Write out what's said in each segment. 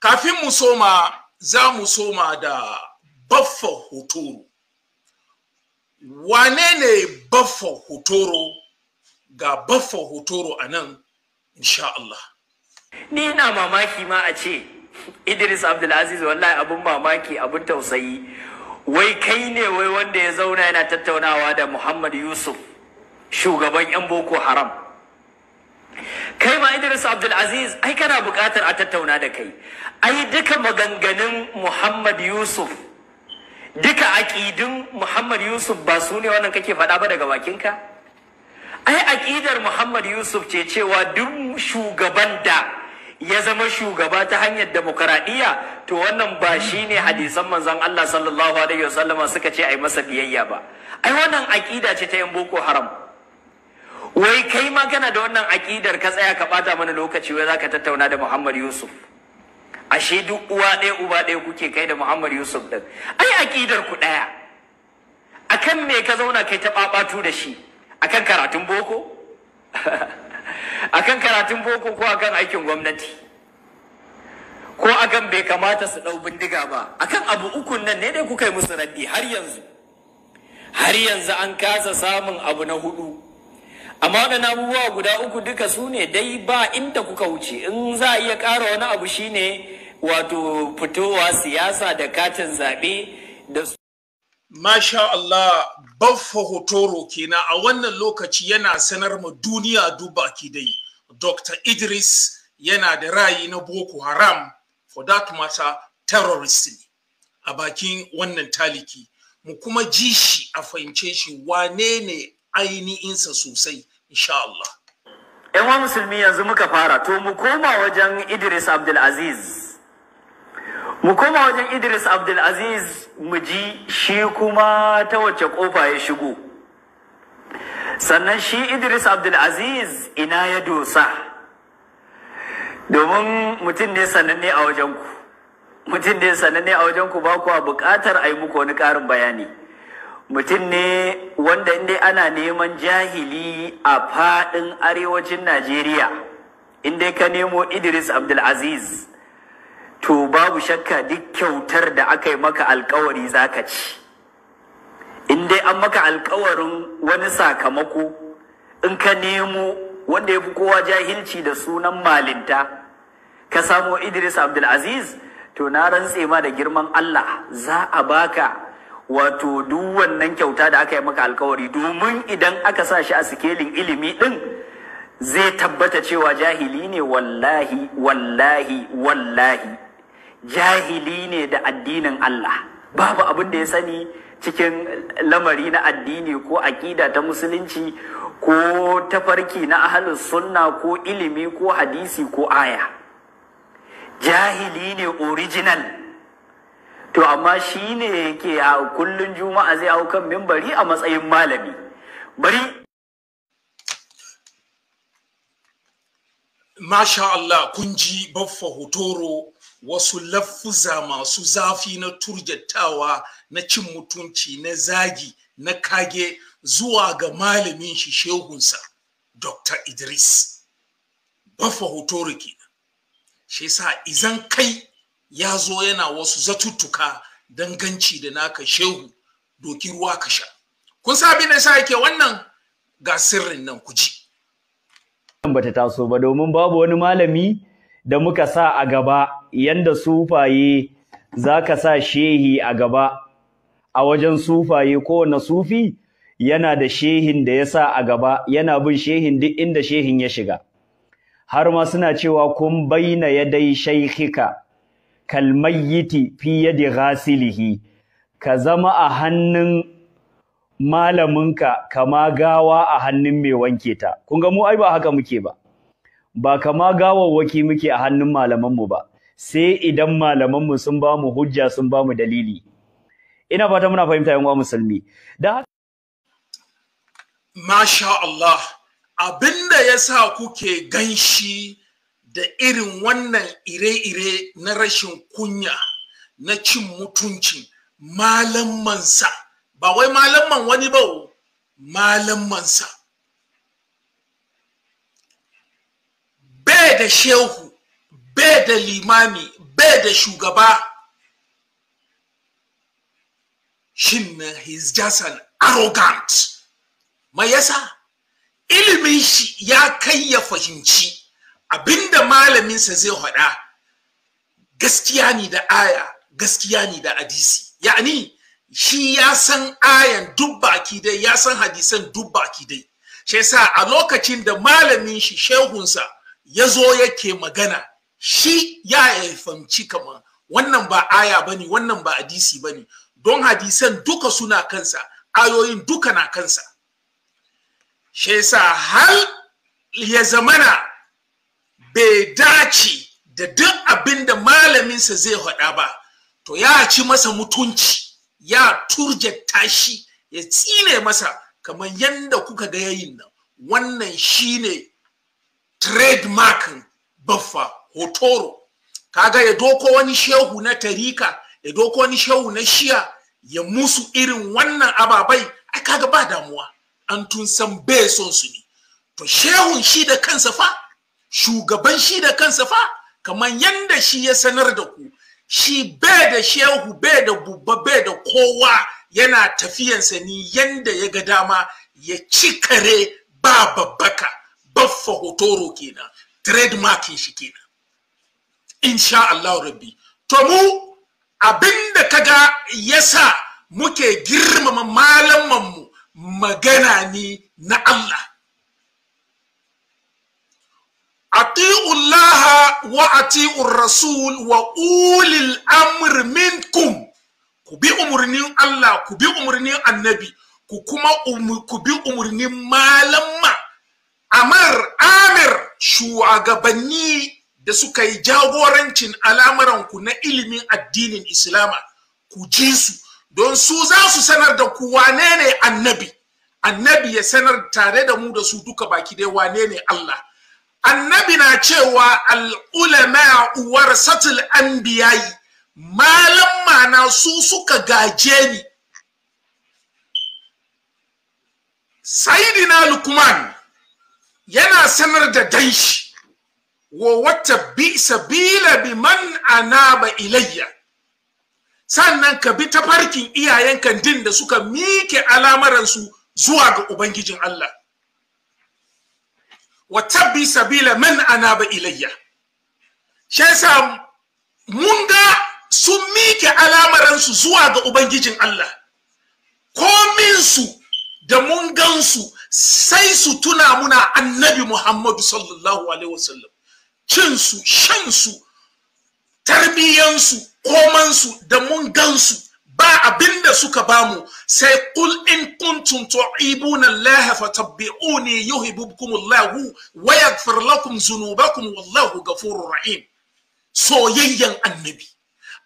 kafin mu soma za mu soma da baffa hotoro wane ne baffa hotoro ga baffa hotoro a nan insha Allah ni na mamaki ma a ce Idris Abdulaziz wallahi abun mamaki abun tausayi wai kai ne wai wanda ya zauna yana tattaunawa da Muhammad Yusuf shugaban 'yan Boko Haram kai ma Idris aziz ai kana buƙatar a tattauna da kai ai duka maganganun Muhammad Yusuf duka aƙidun Muhammad Yusuf ba su ne wannan kake faɗa ba daga bakinka ai aƙidar Muhammad Yusuf ce cewa duk shugaban da ya zama shugaba ta hanyar demokaradiyya to wannan ba shine ne hadisan manzon Allah sallallahu alaihi wasallama suka ce ai masa biyayya ba ai wannan aƙida ce ta yan boko haram wai kai ma kana da wannan aƙidar ka tsaya ka bata mana lokaci wai ka tattauna da Muhammad Yusuf ashe duk uwa ɗaya uba ɗaya kuke kai da Muhammad Yusuf din ai aƙidar ku ɗaya akan me ka zauna kai ta babatu da shi akan karatun boko akan karatun boko ko akan aikin gwamnati ko akan bai kamata su ɗau bindiga ba akan abu ukun nan ne dai kuka yi musu raddi har yanzu har yanzu an kasa samun abu na hudu amma da abubuwa guda uku duka su ne dai ba inda kuka wuce in za a iya ƙara wani abu shine wato fitowa siyasa da katin zaɓe da su Masha Allah baffa hotoro kenan a wannan lokaci yana sanar ma duniya duba ki dai Dr. Idris yana da ra'ayi na Boko Haram for that matter terrorist ne a bakin wannan taliki mu kuma ji shi a fahimce shi wane ne ainihinsa sosai insha Allah musulmi yanzu muka fara to mu koma wajen Idris Abdulaziz mu koma wajen Idris Abdulaziz mu ji shi kuma ta wacce ƙofa ya shigo sannan shi Idris Abdulaziz ina ya dosa domin mutum ne sananne a wajenku mutum ne sananne a wajenku ba kuwa buƙatar a yi muku wani ƙarin bayani mutum ne wanda inda ana neman jahili a faɗin arewacin najeriya inda ka nemo idris abdulaziz to babu shakka duk kyautar da aka yi maka alkawari ka ci in dai an maka alkawarin wani sakamako in ka nemo wanda ya fi kowa jahilci da sunan malinta ka samo idris abdulaziz to na rantse ma da girman allah za a baka wato duk wannan kyauta da aka yi maka alkawari domin idan aka sa shi a sikelin ilimi din zai tabbata cewa jahili ne wallahi wallahi wallahi jahili ne da addinin Allah babu abin da ya sani cikin lamari na addini ko aƙida ta musulunci ko tafarki na ahalus sunna ko ilimi ko hadisi ko aya jahili ne original to amma shi ne yake a kullun juma'a zai hau kan mimbari a matsayin malami bari Masha Allah kun ji baffa hotoro wasu laffuza masu zafi na turjattawa na cin mutunci na zagi na kage zuwa ga malamin shi shehunsa Dr. Idris. Baffa hotoro ke, Shi sa izan kai ya zo yana wasu zatuttuka danganci da naka shehu doki ruwa ka sha kun sa abin da sa yake wannan ga sirrin nan ku ji bata taso ba domin babu wani malami da muka sa a gaba yanda sufaye zaka sa shehi a gaba a wajen sufaye kowane sufi yana da shehin da ya sa a gaba yana bin shehin duk inda shehin ya shiga har ma suna cewa kun baina dai shaikhika kalmayyiti fi yadi ghasilihi ka zama a hannun malaminka kama gawa a hannun mai wanke ta kun ga mu ai ba haka muke ba ba kama gawawwaki muke a hannun malamanmu ba sai idan malamanmu sun ba mu hujja sun ba mu dalili ina fata muna fahimta yan uwa musulmi da masha Allah abinda yasa kuke ganshi da irin wannan ire-ire na rashin kunya na cin mutunci malammansa, ba wai malamman wani ba malamansa bai da shehu bai da limami bai da shugaba shin he's just an arrogant mai yasa ilimin shi ya kai ya fahimci abinda malaminsa zai haɗa gaskiya ne da aya gaskiya ne da hadisi yani shi ya san ayan dubba baki dai ya san hadisan duk baki dai shi yasa a lokacin da malamin shi shehunsa ya zo yake magana shi ya fahimci kamar wannan ba aya bane wannan ba hadisi bane don hadisan duka suna kansa ayoyin duka na kansa shi yasa hal ya zamana bai dace da duk abin da malaminsa zai haɗa ba to ya ci masa mutunci ya turje tashi ya tsine masa kamar yadda kuka ga yayin nan wannan shine trademark baffa hotoro kaga ya doko wani shehu na tarika ya doko wani shehu na shiya ya musu irin wannan ababai ai kaga ba damuwa an tun san bai son su ne to shehun shi da kansa fa shugaban shi da kansa fa kamar yanda shi ya sanar da ku shi bai da shehu bai da bubba bai da kowa yana tafiyansa ni yanda ya ga dama ya ci kare ba babbaka baffa hotoro kenan trademark shi kenan insha Allah rabbi to mu abinda kaga yasa muke girmama malaman mu magana ne na Allah ati'u Allah wa ati'u Rasul wa ulil amr minkum ku bi umurnin Allah ku bi umurnin Annabi ku kuma ku bi umurnin malamma Amar Amir shugabanni da suka yi jagorancin alamaranku na ilimin addinin Islama ku ji su don su za su sanar da ku wane ne Annabi Annabi ya sanar tare da mu da su duka baki dai wane ne Allah annabi na cewa al'ulama warasatul anbiyayi malam mana su suka gaje ni Saidina lukman yana sanar da danshi wa wata sabila bi man anaba ilayya sannan ka bi tafarkin iyayen din da suka miƙe alamaransu zuwa ga ubangijin Allah wa sabila man anaba ilayya shi mun ga sun mike alamaransu zuwa ga ubangijin Allah kominsu da mun gansu sai su tuna muna annabi Muhammadu sallallahu alaihi wasallam cinsu shansu tarbiyyansu komansu da mun gansu ba abin da suka bamu sai qul in kuntum tu'ibuna Allah fatabbi'uni yuhibbukum Allah wa yaghfir lakum dhunubakum wallahu ghafurur rahim soyayyen annabi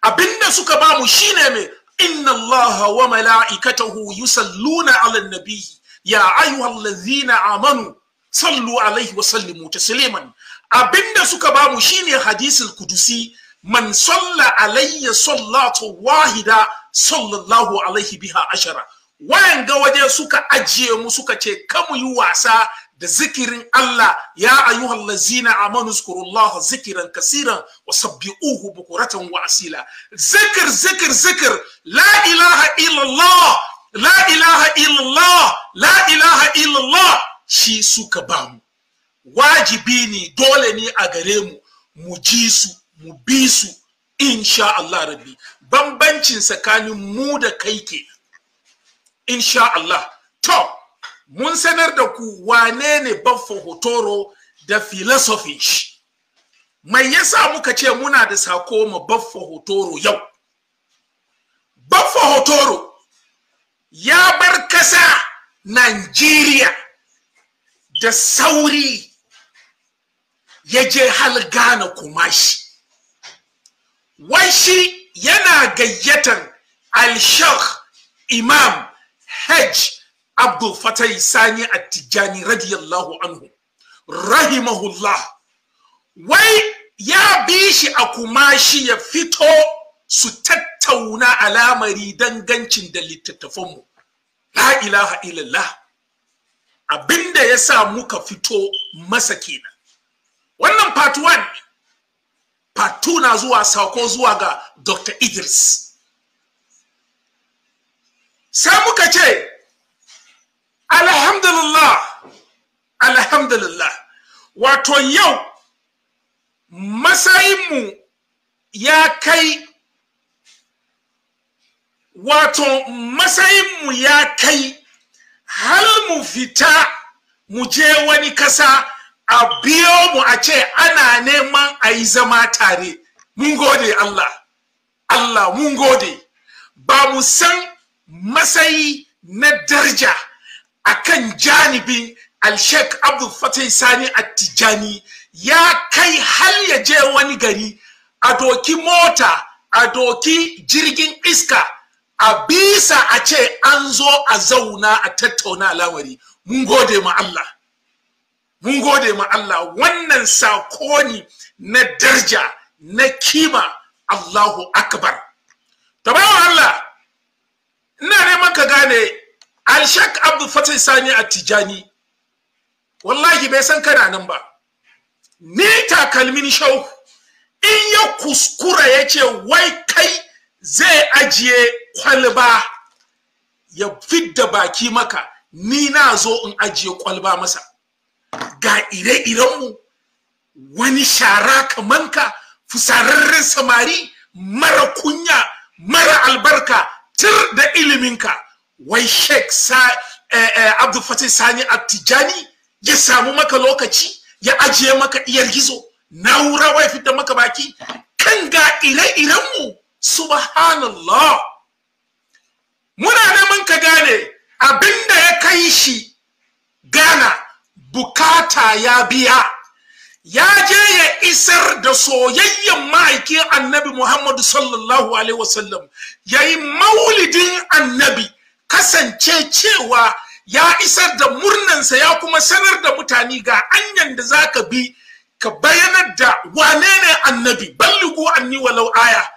Abinda suka bamu shine me inna Allah wa mala'ikatahu yusalluna 'alan nabiyyi ya ayyuhallazina amanu sallu alaihi wa sallimu tasliman abinda suka bamu shine hadisul kudusi man salla alayya sallatu wahida sallallahu alaihi biha ashara wayan ga waje suka ajiye mu suka ce kamu yi wasa da zikirin Allah ya ayyuhal lazina amanu zkurullaha zikiran kasiran wa sabbi'uhu bukuratan wa asila zikir zikir zikir la ilaha illallah la ilaha illallah la ilaha illallah shi suka ba mu wajibi ne dole ne a gare mu mu ji su mu bi su insha Allah rabbi bambancin tsakanin mu da kai ke insha Allah to mun sanar da ku wane ne baffo hotoro da philosophy shi mai yasa muka ce muna da sako ma baffo hotoro yau baffo hotoro ya bar kasa Nigeria da sauri ya je hal gane kumashi wai shi yana gayyatan al shaikh imam hajj abdul fatai sani attijani radiyallahu anhu rahimahullah wai ya bi shi a kumashi ya fito su tattauna alamari dangancin da littattafanmu la ilaha illallah abinda ya sa muka fito masa kenan wannan part part na zuwa sako zuwa ga dr idris sai muka ce alhamdulillah alhamdulillah wato yau matsayinmu ya kai wato matsayinmu ya kai hal mu fita mu je wani kasa a biyo mu a ce ana neman a yi zama tare mun gode Allah Allah mun gode ba mu san matsayi na darja a kan janibi alshek abdul fatih sani attijani ya kai har ya je wani gari a doki mota a doki jirgin iska a bisa a ce an zo a zauna a tattauna lamari mun gode ma Allah mun gode ma Allah wannan sako ne na darja na kima Allahu akbar tabawa Allah ina neman ka gane Alshak Abdul Fatih Sani a Tijani wallahi bai san kana nan ba ni takalmin shau in ya kuskura ya ce wai kai zai ajiye kwalba ya fidda baki maka ni na zo in ajiye kwalba masa ga ire-irenmu wani shara kamanka fusararren samari mara kunya mara albarka tir da iliminka wai sheik sa eh, eh, abdulfatih sani attijani ya samu maka lokaci ya ajiye maka iyar gizo na wura wai fita maka baki kan ga ire-irenmu subhanallah muna neman ka gane abinda ya kai shi gana bukata ya biya ya je ya isar da soyayyen ma'aikin annabi muhammadu sallallahu alaihi wasallam ya yi maulidin annabi kasance cewa ya isar da murnansa ya kuma sanar da mutane ga anyan da za ka bi ka bayanar da wane ne annabi ballugu anni walau aya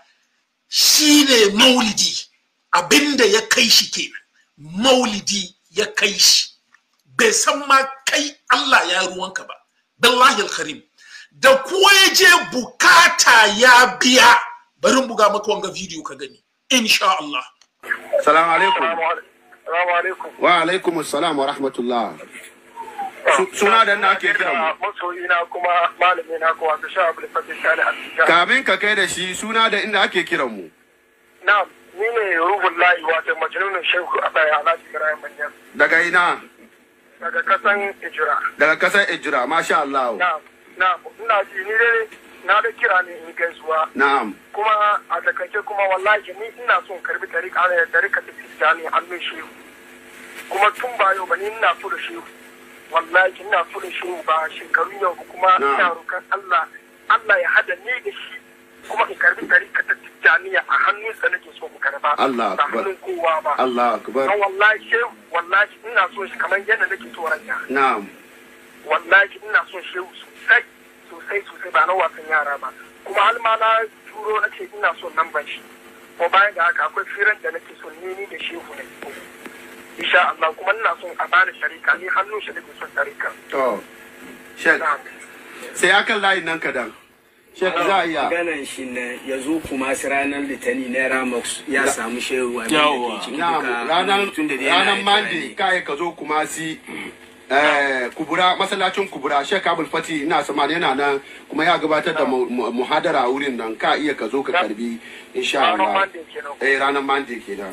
shi ne maulidi abinda ya kai shi kenan maulidi ya kai shi bai san ma kai Allah ya ruwanka ba billahi alkarim da kuwa ya je bukata ya biya bari buga maka wanga video ka gani insha Allah salamu alaikum wa alaikum assalam wa rahmatullah suna da na ke kira na kuma malami na kuma ta sha abu da kamin ka kai da shi suna da inda ake kira mu na'am ni ne ruhul wato majnunun shehu a alhaji ibrahim manyan. daga ina Daga kasan ijira Daga kasan ijira masha Allah. Na'am, na'am, ina ji ni dai na da kira ni in gaisuwa. Na'am. Kuma a takaice kuma wallahi ni ina son karbi tarika ne tarika ta an hannun shehu. Kuma tun ba yau ba ni ina so da shi Wallahi ina so da shi ba shekaru yau kuma ina roƙon Allah Allah ya hada ni da shi kuma in karbi tarika ta tijjaniya a hannun sa nake so mu karba Allah ba hannun kowa ba Allah akbar wallahi she wallahi ina so shi kaman yadda nake tsoron ya na'am wallahi ina son shehu sosai sosai sosai ba na wasan yara ba kuma har na turo na ce ina so nan ban shi ko bayan da haka akwai firan da nake son ni da shehu ne insha Allah kuma ina son a bani sharika ni hannun shi nake son sharika to shek sai akan layin nan dan. Shek za Ganan shi ne ya zo kuma su ranar litani na Ramax ya samu shehu a Ranar Mandi kai ka zo kuma si eh, kubura masallacin kubura Sheikh Abdul Fati ina samari yana nan kuma ya gabatar da muhadara a wurin nan ka iya ka zo ka karbi insha Allah. Eh ranar Mandi kenan.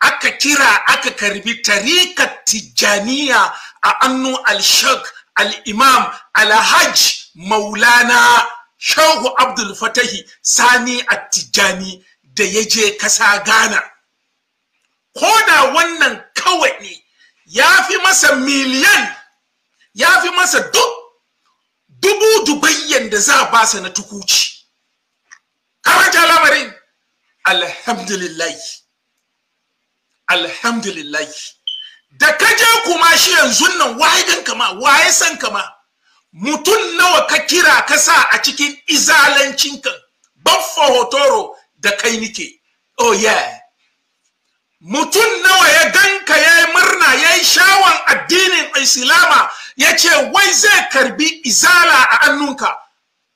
aka kira aka karbi tarikat tijjaniya a annu al shaq al-imam al-hajj maulana shahu abdul fatahi sani at-tijjani da yaje kasa ghana ko da wannan kawai ne ya fi masa miliyan ya fi masa duk dubu dubayyan da za ba sa na tukuci karanta lamarin alhamdulillah alhamdulillah da ka je kuma shi yanzu nan waye kama waye san kama mutum nawa ka kira ka sa a cikin izalancinka baffa hotoro da kai nike oh yeah mutum nawa ya ganka ya yi murna ya yi shawan addinin islama ya ce wai zai karbi izala a annunka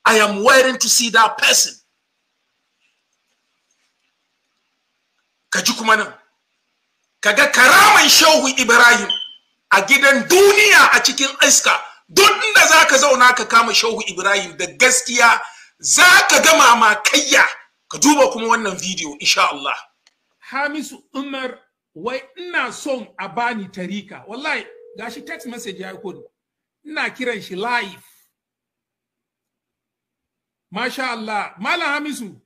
i am waiting to see that person ka ji kuma nan kaga karaman shehu ibrahim a gidan duniya a cikin aska duk inda za ka zauna ka kama shehu ibrahim da gaskiya za ka gama makayya ka duba kuma wannan bidiyo insha Allah Hamisu Umar wai ina son a bani tarika wallahi gashi text message ya aiko ina kiran shi live Masha Allah Malam Hamisu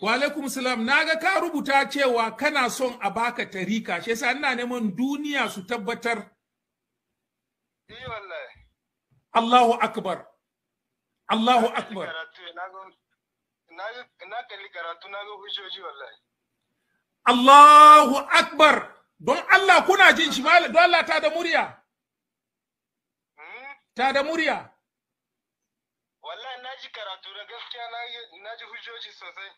Wa alaikum salam naga ka rubuta cewa kana son a baka tarika shi yasa ina neman duniya su tabbatar. Eh, Allahu akbar. Allahu akbar. na Allahu akbar. Don Allah kuna jin shi don Allah ta da murya. Hmm? Ta da murya. Wallahi karatu da gaskiya hujjoji sosai.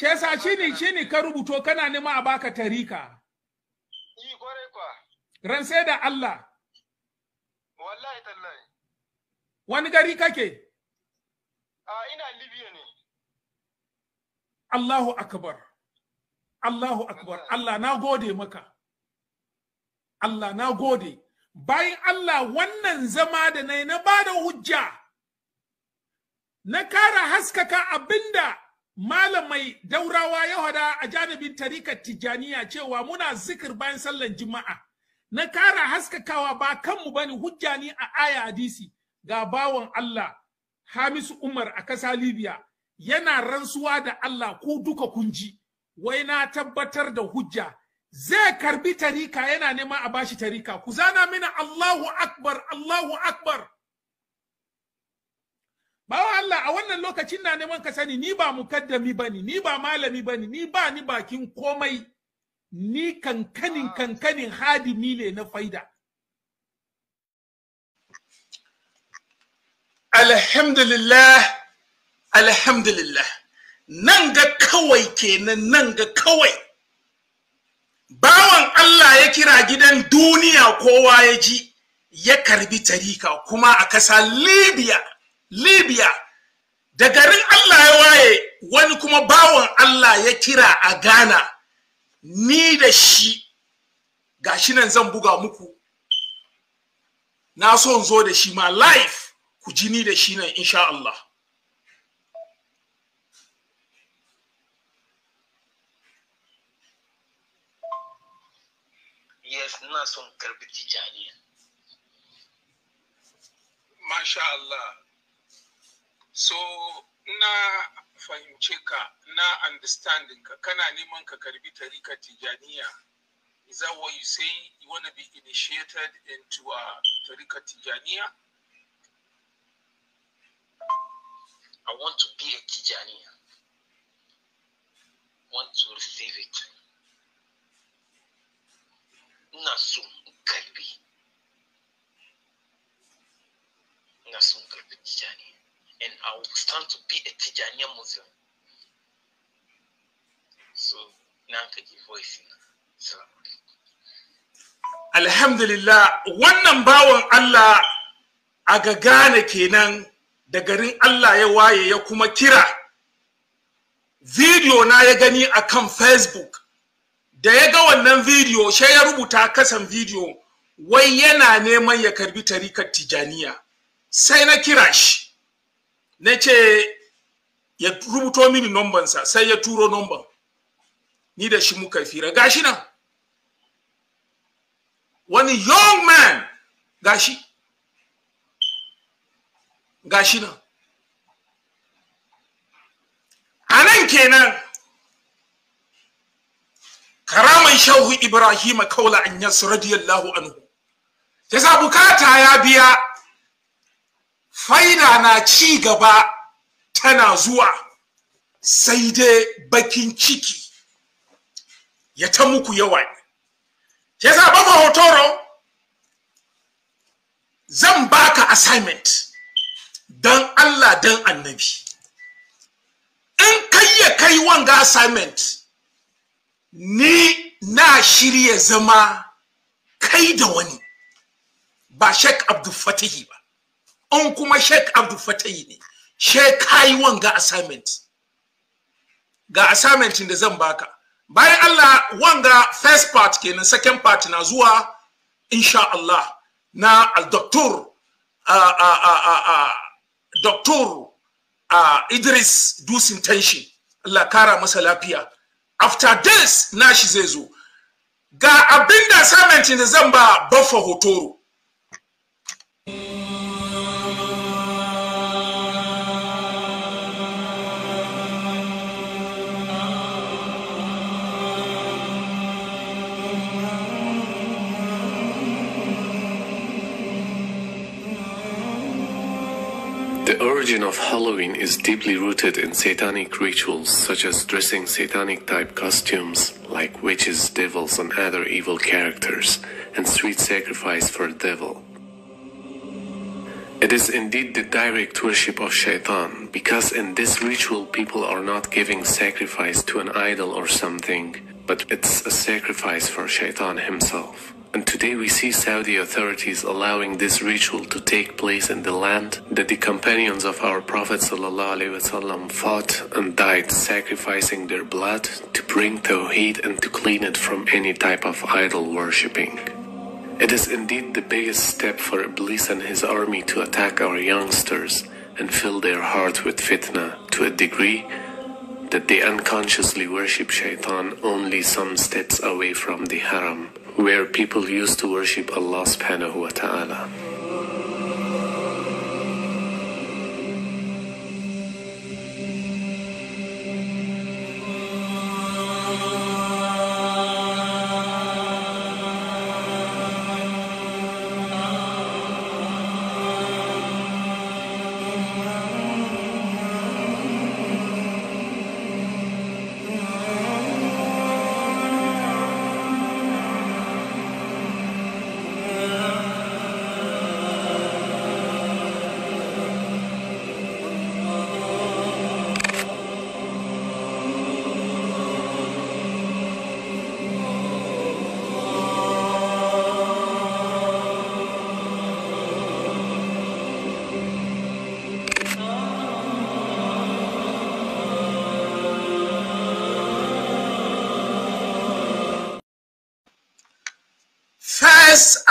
Shesa shi ne shi ne ka rubuto kana nema a baka tarika. Yi kwarai kwa. Ran sai da Allah. Wallahi tallahi. Wani gari kake? A ina Libya ne. Allahu akbar. Allahu akbar. Allah na gode maka. Allah na gode. Bayan Allah wannan zama da na na ba da hujja. Na kara haskaka abinda malamai daurawa ya hada a janibin tarikar tijjaniya cewa muna zikir bayan sallar juma'a na kara haskakawa ba kanmu bane hujja ne a aya hadisi ga bawan Allah Hamisu Umar a kasa Libya yana rantsuwa da Allah ku duka kun ji wai na tabbatar da hujja zai karbi tarika yana nema a bashi tarika ku zana mina Allahu akbar Allahu akbar bawa Allah a wannan lokacin na neman ka sani ni ba mukaddami bane ni ba malami bane ni ba ni bakin komai ni kankanin ah. kankanin hadimi ne na faida alhamdulillah alhamdulillah nan ga kawai kenan nan ga kawai bawan Allah ya kira gidan duniya kowa ya ji ya karbi tarika kuma a ƙasa libya libya da garin allah ya waye wani kuma bawan allah ya kira a ghana ni da shi gashi nan zan buga muku na so zo da shi ma live ku ji ni da shi nan insha Allah yes na son karbi tijaniya masha Allah so na fahimce ka na understanding ka kana neman ka karbi tarika tijaniya is that what you say you want to be initiated into a uh, tarika tijaniya I want to be a tijaniya want to receive it ina so karbi ina so karbi tijaniya and I will stand to be a near Muslim. So, now take your voice in. Alhamdulillah, wannan bawan Allah a ga kenan da garin Allah ya waye ya kuma kira. Video na ya gani a kan Facebook, da ya ga wannan video, shai ya rubuta kasan video, wai yana neman ya karbi tarikar Tijaniya. Sai na kira shi. na ce ya rubuto mini nombansa sai ya turo nomban ni da shi muka fira gashi nan wani young man gashi gashi nan a nan kenan karaman shahu Ibrahim kaula an yasu radiyallahu anhu yasa bukata ya biya Faina na ci gaba tana zuwa sai dai bakin ciki ya ta muku yawa ya sa ba hotoro zan baka assignment don Allah don annabi in kai ya kai wanga assignment ni na shirya zama kai da wani ba shek abdul fatihi ba An kuma shek Abdul Fatayi ne she kai ga assignment ga assignment da zan baka bayan Allah wanga first part kenan second part na zuwa insha Allah na al-doctor uh, a Idris Dusin Tenshi Allah kara masa lafiya after this nashi zai zo ga abinda assignment da zan ba baffa hotoro The origin of Halloween is deeply rooted in satanic rituals such as dressing satanic type costumes like witches, devils, and other evil characters, and sweet sacrifice for the devil. It is indeed the direct worship of Shaitan, because in this ritual people are not giving sacrifice to an idol or something, but it's a sacrifice for Shaitan himself and today we see Saudi authorities allowing this ritual to take place in the land that the companions of our Prophet ﷺ fought and died sacrificing their blood to bring Tawheed and to clean it from any type of idol worshipping. It is indeed the biggest step for Iblis and his army to attack our youngsters and fill their hearts with fitna to a degree that they unconsciously worship shaitan only some steps away from the haram where people used to worship Allah subhanahu wa ta'ala.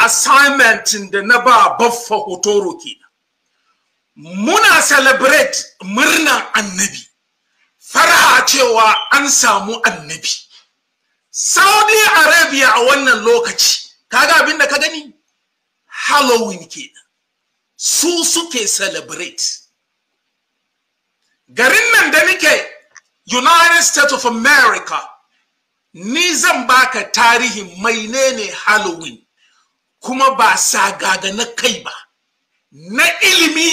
assignment da na ba baffa hotoro kenan muna celebrate murnan annabi fara'a cewa an samu annabi saudi arabia a wannan lokaci kaga abin da ka gani halloween ke su suke celebrate garin nan da nake united states of america ni zan baka tarihin mai ne halloween kuma ba sagaga na kai ba na ilimi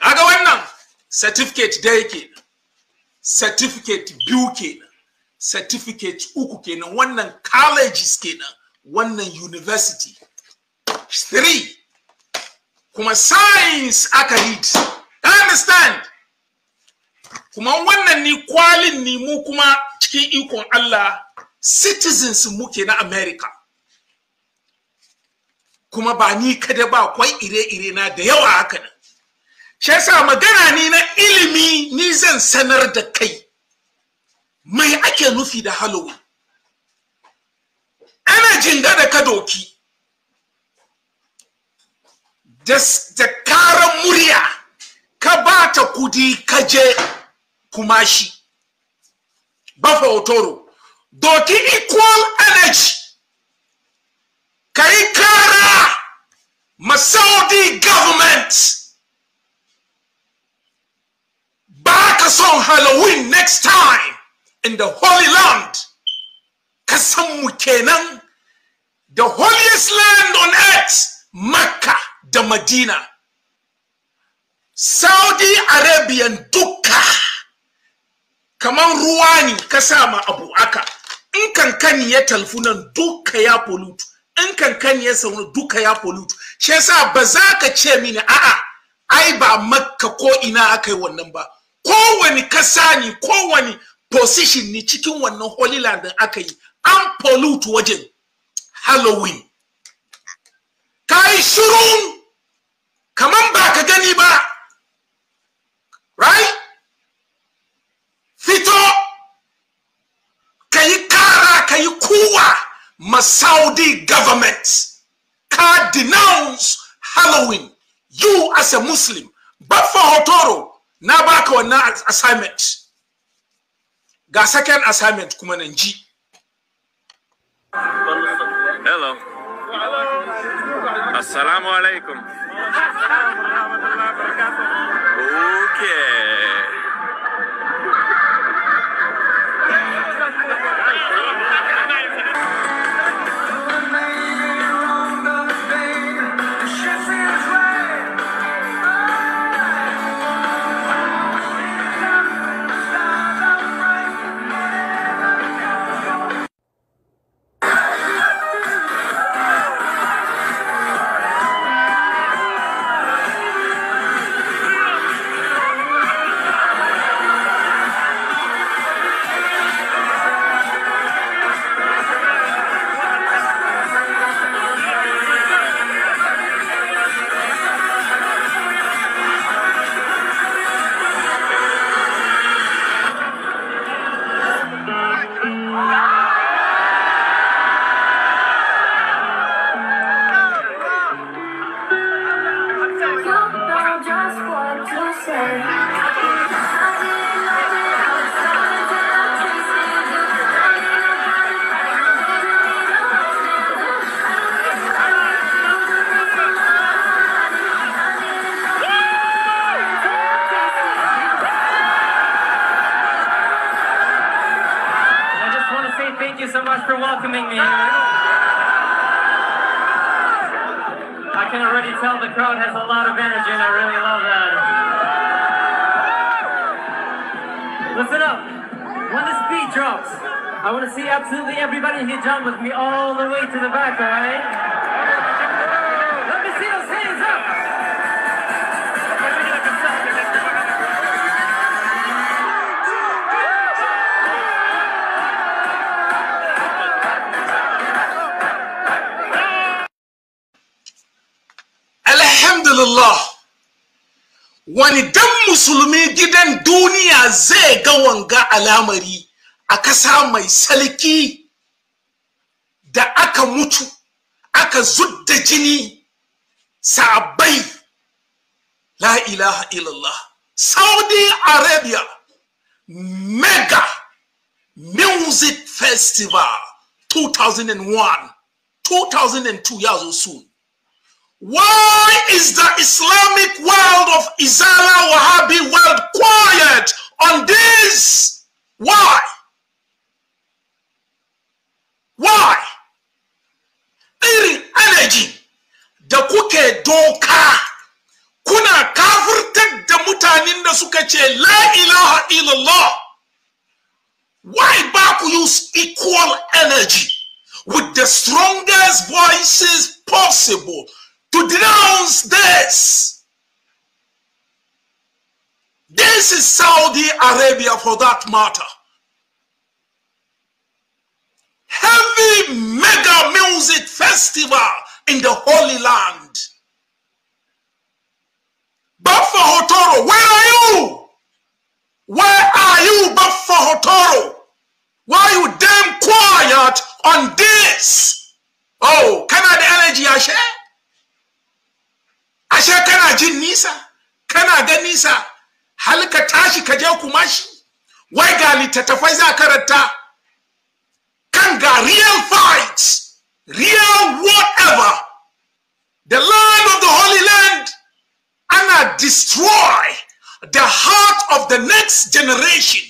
kaga wannan certificate da yake certificate biyu kenan certificate uku kenan wannan colleges kenan wannan university three kuma science aka read understand kuma wannan ni kwalin ni mu kuma cikin ikon Allah citizens muke na America kuma ba ni kada ba kwai ire-ire na da yawa haka nan shi yasa magana ni na ilimi ni zan sanar da kai mai ake nufi da halloween ana jinga da ka doki da karan murya ka ba ta kudi ka je kumashi. Ba bafa otoro doki equal energy ka kara ma saudi government ba ka son halloween next time in the holy land ka san mu kenan the holiest land on earth makka da madina saudi arabian duka kaman ruwa ne ka sa ma abu aka in kankani ya talfunan duka ya pollutu in kankan ya saunu duka ya pollute shi yasa ba za ka ce mini a'a ai ba makka ko ina aka yi wannan ba kowani kasa ne kowani position ne cikin wannan holy land aka yi an pollute wajen halloween ka yi shiru kaman ba ka gani ba right fito ka yi kara ka yi kuwa Masaudi government can't denounce Halloween. You as a Muslim, but for Hotoro, na assignment. Ga second assignment Kumanenji. Hello. Assalamu alaikum. Okay. John with me all the way to the back, all right? الله وان دم مسلمي جدا دنيا زي غوانغا علامري اكسا مي سلكي tintini sabai la ilaha illallah saudi arabia mega music festival 2001 2002 years old soon why is the islamic world of izala wahhabi world quiet on this why why energy da kuke doka kuna kafirtar da mutanen da suka ce la ilaha illallah why back use equal energy with the strongest voices possible to denounce this this is saudi arabia for that matter heavy mega music festival in the Holy Land. Baffa Hotoro, where are you? Where are you, Baffa Hotoro? Why are you damn quiet on this? Oh, can I the energy I share? can I jin nisa? Can I get nisa? Halika tashi kajau kumashi? Why gali littattafai karata? Kanga real fights real whatever the land of the Holy Land and I destroy the heart of the next generation.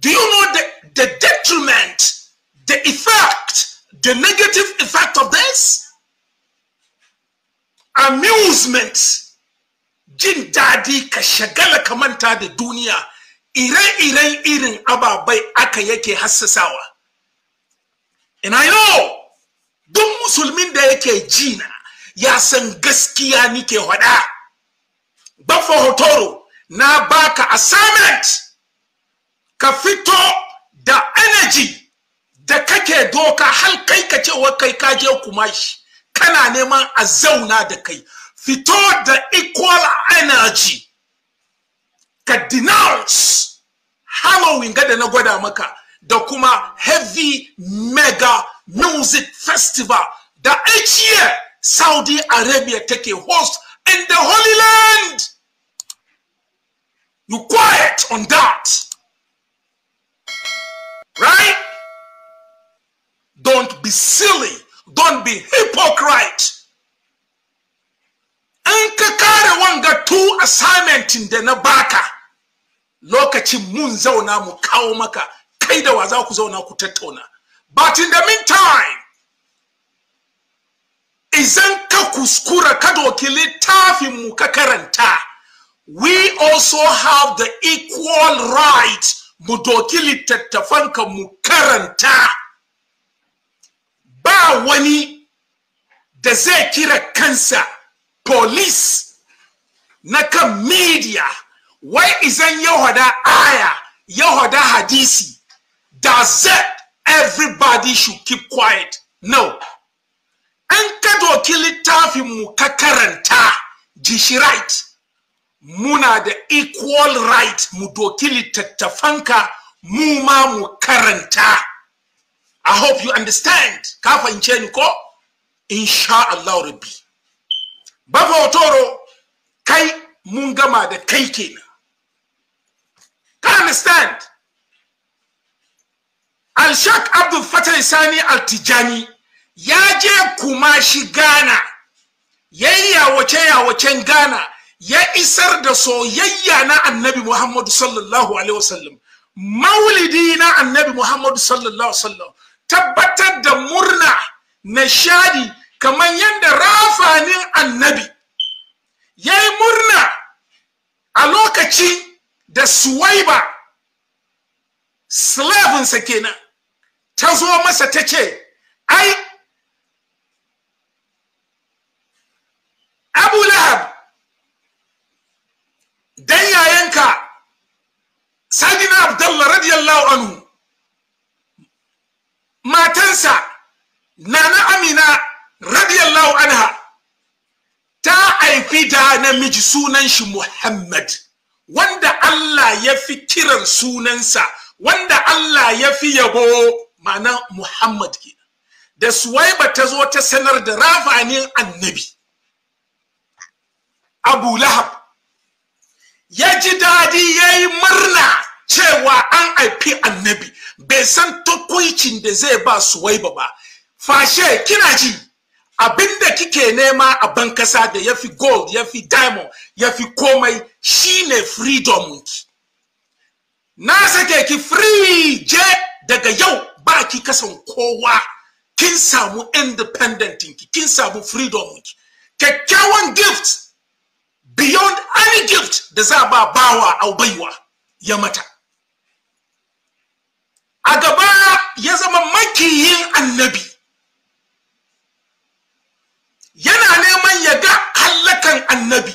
Do you know the, the detriment, the effect, the negative effect of this? Amusement. Jin daɗi ka shagala ka manta da duniya ire-iren irin ababai aka yake hassasawa. ina yo duk musulmin da yake jina, ya san gaskiya nike hada bafa hotoro na baka assignment ka fito da energy da kake doka har kai ka ce wa kai ka je kumashi kana neman a zauna da kai fito da equal energy ka denounce halloween gada na gwada maka The kuma heavy mega music festival that each year Saudi Arabia take a host in the Holy Land. You quiet on that. Right? Don't be silly. Don't be hypocrite. An kare wanga two assignment in the Nabaka. baka. Lokacin mun zauna mu maka kai da wa za ku zauna ku tattauna but in the meantime izan ka kuskura ka doki littafinmu ka karanta we also have the equal right mu doki ka mu karanta ba wani da zai kira kansa police na kan media wai izan ya hada aya ya hada hadisi does it everybody should keep quiet no an ka doki littafin mu ka karanta jishi right muna da equal right mu doki littattafanka mu ma mu karanta i hope you understand ka fahimce ni ko insha Allah rabbi baba otoro kai mun gama da kai kenan ka understand alshak shaq Abdul Fatah Sani Al-Tijani ya je Kumashi Ghana yayi yawace yawacen Ghana ya isar da soyayya na Annabi Muhammadu sallallahu alaihi wasallam maulidi na Annabi Muhammadu sallallahu alaihi wasallam tabbatar da murna nishadi kamar yadda rafanin Annabi yayi murna a lokaci da Suwaiba slavinsa kenan ta zo masa ta ce ai abu lahab dan yayanka sadina abdallah radiyallahu anhu matansa nana amina radiyallahu anha ta haifi da namiji sunan shi muhammad wanda allah ya fi kiran sunansa wanda allah ya fi yabo ma'ana Muhammad ke da Suwaiba ta zo ta sanar da rafanin annabi Abu Lahab ya ji daɗi ya yi murna cewa an haifi annabi bai san tukuncin da zai ba Suwaiba ba fashe kina ji abinda kike nema a ban ƙasa da fi gold ya fi diamond ya fi komai shine freedom ki na sake ki free je daga yau ba ki kasan kowa kin samu independent ki kin samu freedom ki kyakkyawan gift beyond any gift da za ba bawa au baiwa ya mata a gaba ya zama makiyin annabi yana neman ya ga hallakan annabi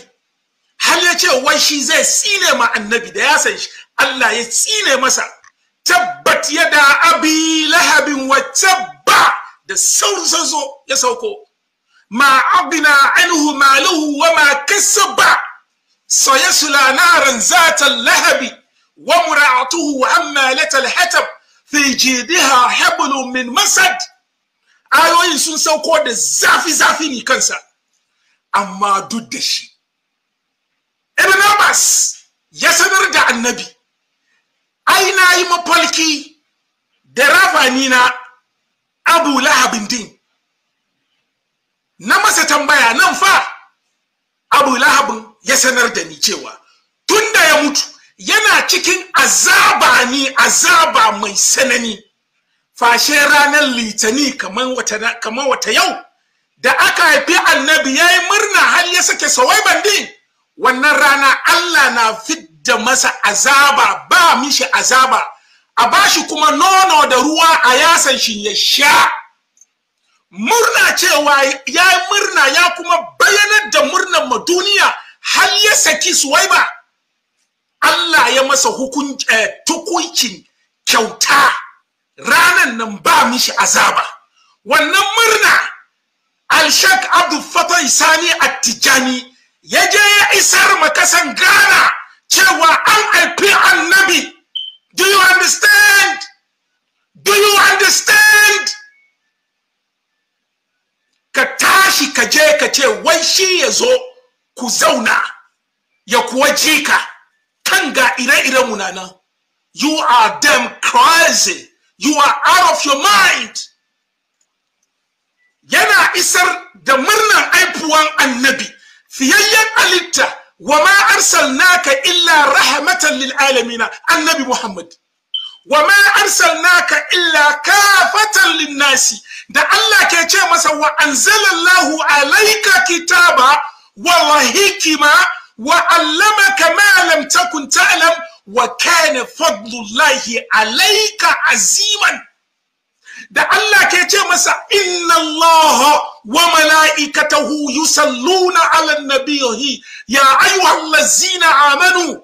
har ya ce wai shi zai tsine ma annabi da ya san shi Allah ya tsine masa ta. tabbat yada abi lahabin wa ba da saursaso ya sauko ma abina anhu maluhu wa ma kasaba sayasla naran zata lahabi wa mura'atuhu ammalat alhatab fi jidiha hablum min masad ayoyin sun sauko da zafi zafi ne kansa amma duk da shi ibn abbas ya sanar da annabi ai na yi mafalki da rafanina na abu lahabin din na masa tambaya nan fa abu lahabin ya sanar da ni cewa tunda ya mutu yana cikin azaba ni azaba mai sanani fashe ranar litani kamar wata, wata yau da aka haifi annabi ya yi murna har ya sake sawai bandi wannan rana allah na fidda masa azaba ba mishi azaba a bashi kuma nono da ruwa a yasan shi ya sha murna cewa ya yi murna ya kuma bayanar da murnan ma duniya har ya saki suwaiba Allah ya masa hukuncin eh, kyauta ranan nan ba mishi azaba wannan murna alshak abdul fatah sani attijani ya je ya isar makasan gana cewa an alfi annabi Do you understand? Do you understand? Ka tashi ka je ka ce wai shi ya zo ku zauna ya kuwa jika kan ga ire ire munana. You are damn crazy. You are out of your mind. Yana isar da murnan aifuwan annabi, fiyayyen alitta wa ma naka illa rahmatan lil annabi muhammad wa ma naka illa kafatan linnasi. da Allah ke ce masa wa anzalallahu alayka kitaba wal hikma wa allamaka ma lam takun wa kana fadlullahi alayka aziman da Allah ke ce masa inna Allah wa mala'ikatahu yusalluna ala nabiyhi ya ayyuhallazina amanu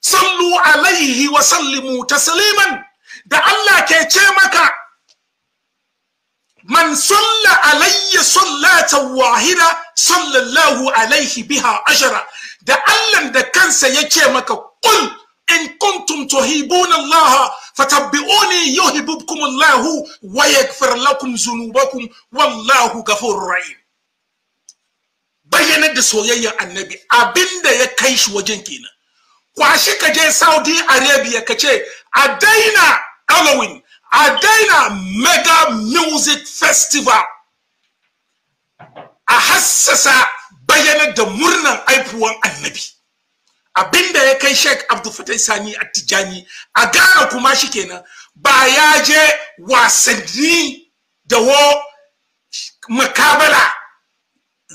sallu alaihi wa sallimu tasliman da Allah ke ce maka man salla alayya sallatan wahida sallallahu alaihi biha ashara da Allah da kansa yake maka kul in kuntum tuhibuna Allah fatabbi'uni yuhibbukum Allah wa yaghfir lakum dhunubakum wallahu ghafurur rahim bayyanar da soyayyan annabi abinda ya kai shi wajen kenan kwashi ka je Saudi Arabia ka ce a daina Halloween a daina mega music festival a hassasa bayyanar da murnan aifuwan annabi abinda ya kai Sheikh Abdul sani Sani tijani a gara kuma shi kenan ba ya je wasanni da wo makabala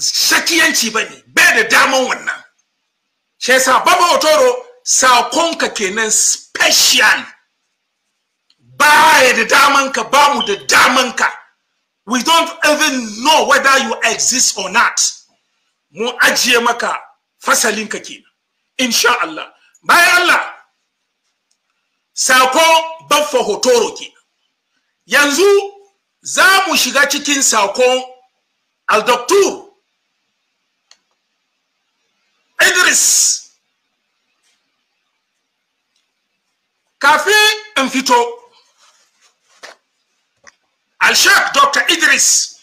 shakiyanci bane bai da daman wannan shi yasa baba otoro sakonka kenan special Ba ya da damanka ba mu da damanka we don't even know whether you exist or not mu ajiye maka fasalinka kenan insha Allah bayan Allah sako baffa hotoro ke yanzu za mu shiga cikin sakon aldoktur idris kafin in fito al alshak dr idris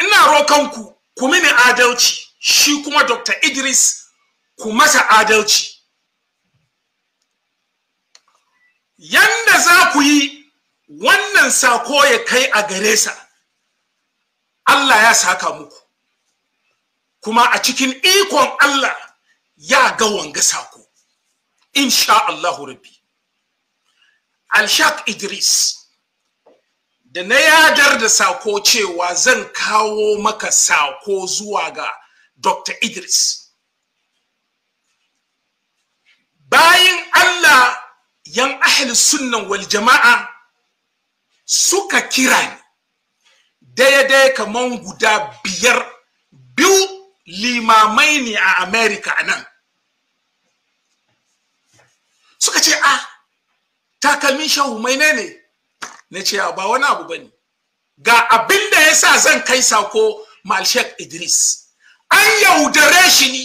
ina rokan ku mini adalci shi kuma dr idris ku masa adalci yanda za ku yi wannan sako ya kai a gare sa Allah ya saka muku kuma a cikin ikon Allah ya ga wanga sako insha Allahu rabbi Alshak Idris da na yadar da sako cewa zan kawo maka sako zuwa ga Dr. Idris bayin Allah yan ahli sunnan wal jama'a suka kira ni daya kaman guda biyar biyu limamai ne a America nan suka ce ah takalmin shehu mai ne na ce ah, ba wani abu bane ga abin da yasa zan kai sako mal Idris an yaudare shi ni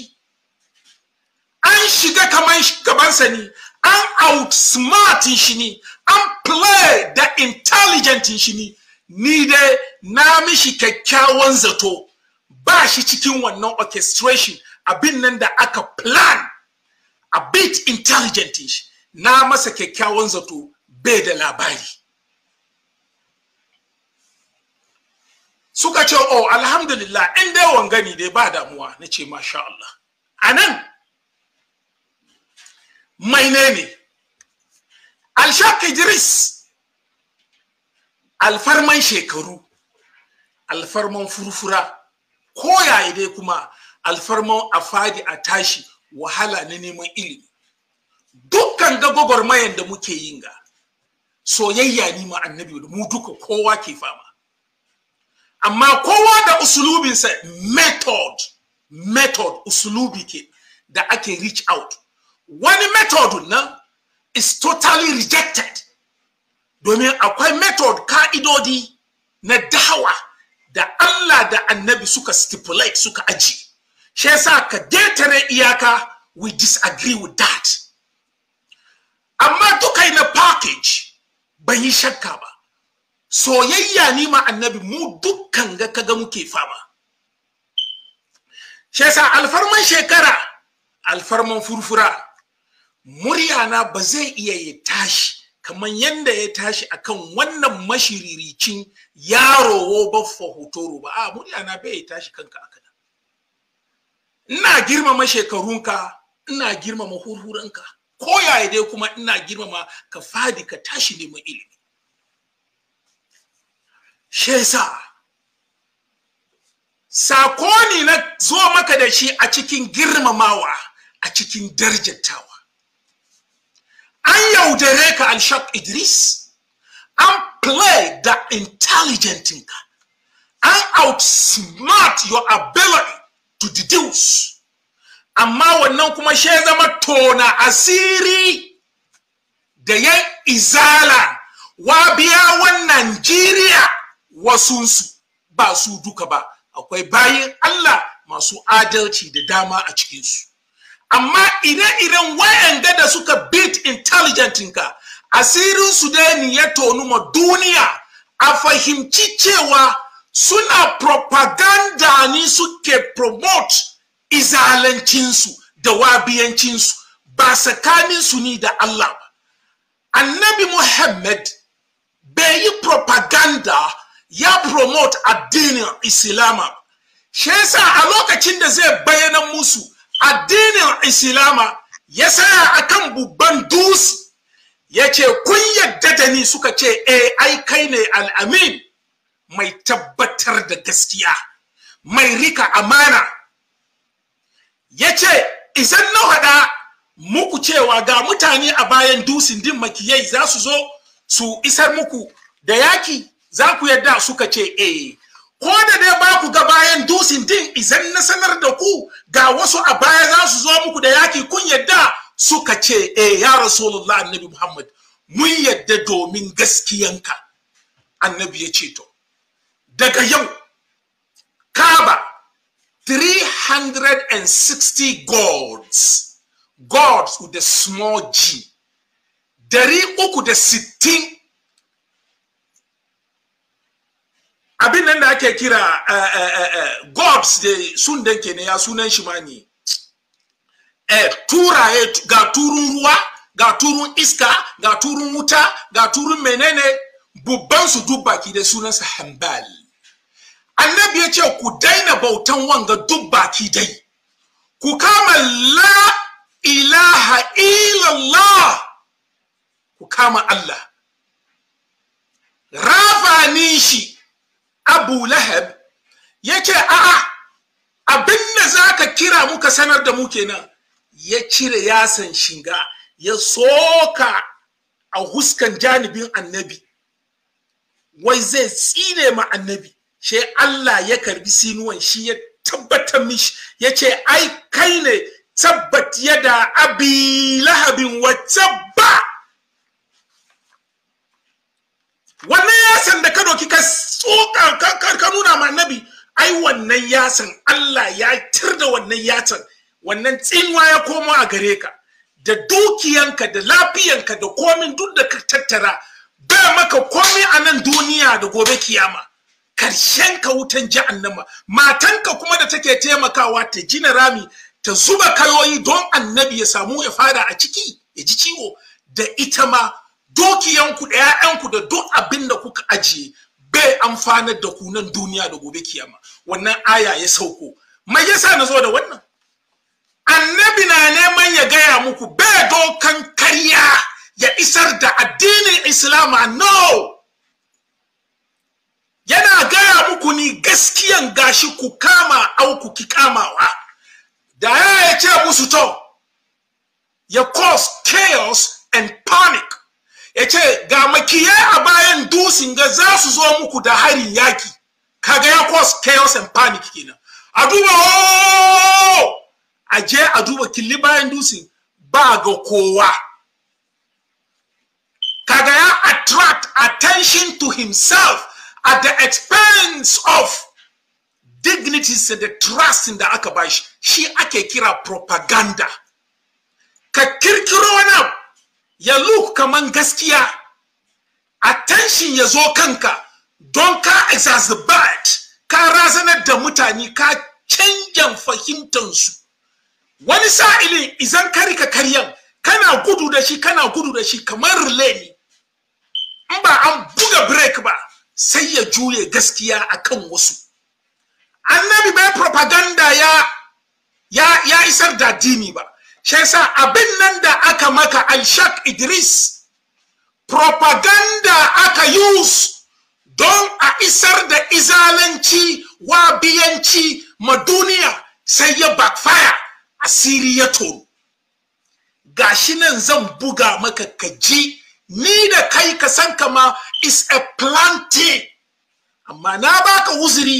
an shiga kaman gabansa ne an outsmart shi ne an play da intelligent shi ne ni dai na mishi kyakkyawan zato ba shi cikin wannan orchestration abin nan da aka plan a bit intelligent shi na masa kyakkyawan zato bai da labari suka ce oh alhamdulillah in dai wangani dai ba damuwa na ce masha Allah a nan mai ne ne alfarman shekaru alfarman furfura ko yayi dai kuma alfarman a fadi a tashi wahala na neman ilimi dukkan ga mayan da muke yin ga soyayya ne ma annabi mu duka kowa ke fama amma kowa da usulubinsa method method usulubi ke da ake reach out wani method nan is totally rejected domin akwai method ka'idodi na dahawa da Allah da annabi suka stipulate suka aji shi yasa ka detare iyaka we disagree with that amma duka na package ban yi shakka ba soyayya ni ma annabi mu dukkan ga kaga muke fama shi yasa alfarman shekara alfarman furfura na ba zai iya ya tashi kamar yadda ya tashi akan wannan mashiriricin yaro ba fahotoro ba a na bai tashi kanka da. ina girmama shekarunka ina girmama hurhuranka ko yaya dai kuma ina girmama ka fadi ka tashi neman ilimi shesa sakoni na zo maka da shi a cikin girmamawa a cikin darjatawa an yaudare ka alshak idris an play da intelligentinka an outsmart your ability to deduce amma wannan kuma she zama tona asiri da yan izala wa biya wannan Najeriya wasunsu ba su duka ba akwai bayin Allah masu adalci da dama a cikinsu amma ire-iren wayanga da suka beat intelligentinka asirin su dai ni ya tonu ma duniya a fahimci cewa suna propaganda ne suke promote izalancinsu da wabiyancinsu ba tsakaninsu ni da Allah annabi Muhammad bai yi propaganda ya promote addinin Islama. Shi a lokacin da zai bayyana musu addinin islama ya saya akan babban dusi ya ce kun yadda da ni suka ce eh, ai kai ne al'amin mai tabbatar da gaskiya mai rika amana ya ce izan na hada muku cewa ga mutane a bayan dusin din makiyai za su zo su isar muku da yaki za ku yadda suka ce eh ko da dai ba ku ga bayan dusin din izan na sanar da ku ga wasu a baya za su zo muku da yaki kun yadda suka ce eh ya rasulullah annabi muhammad mun yadda domin gaskiyanka annabi ya ce to daga yau kaba 360 gods gods with a small g dari uku da sittin abin nan da ake kira eh, eh, eh, gobs da sun danke ne ya sunan shi ma ne turaye ga turun ruwa ga turun iska ga turun wuta ga turun menene babban su duk baki da sunansa hambal annabi ya ce ku daina bautan wanga duk baki dai ku kama la ilaha illallah ku kama Allah ni shi abu lahab yake a'a abin da zaka kira muka sanar da mu kenan ya cire yasan shiga ya soka a huskan janibin annabi wai zai tsine ma annabi shi Allah ya karbi sinuwan shi ya tabbatar mishi ya ce ai kai ne tabbat yada abi lahabin wa tab wannan yasan da ka doki ka tsoka ka nuna ma annabi ai wannan yasan Allah ya tir da wannan yasan wannan tsinwa ya komo a gare ka da dukiyanka da lafiyanka da komin duk da ka tattara ba maka komai a nan duniya da gobe kiyama karshen ka wutan jahannama matanka kuma da take taimakawa ta gina rami ta zuba kayoyi don annabi ya samu ya fara a ciki ya ji ciwo da ita ma dukiyanku da da duk abin da kuka ajiye bai amfanar da ku nan duniya da gobe kiyama wannan aya ya sauko mai yasa na zo da wannan annabi na neman ya gaya muku bai dokan karya ya isar da addinin islama no yana gaya muku ni gaskiyan gashi ku kama au ku ki kamawa da ya ce musu to ya cause chaos and panic ya ce ga makiye a bayan dusin ga za su zo muku da harin yaki kaga ya cause chaos and panic kenan a duba oh! a je a duba killi bayan dusin ba ga kowa kaga ya attract attention to himself at the expense of dignities and the trust da aka bashi shi ake kira propaganda ka kirkiro wani ya look kaman gaskiya attention ya zo kanka don ka exacerbate ka razanar da mutane ka fahimtar fahimtansu wani sa'ilin izan karika karyan kana gudu da shi kana gudu da shi kamar relay ne in ba an buga break ba sai ya juye gaskiya akan wasu annabi bai propaganda ya ya ya isar da dini ba shesa abin nan da aka maka alshak idris propaganda aka use don a isar da izalanci wa biyanci ma duniya sai ya backfire asiri ya to gashi nan zan buga maka kaji ni da kai ka san kama is a planting amma na baka uzuri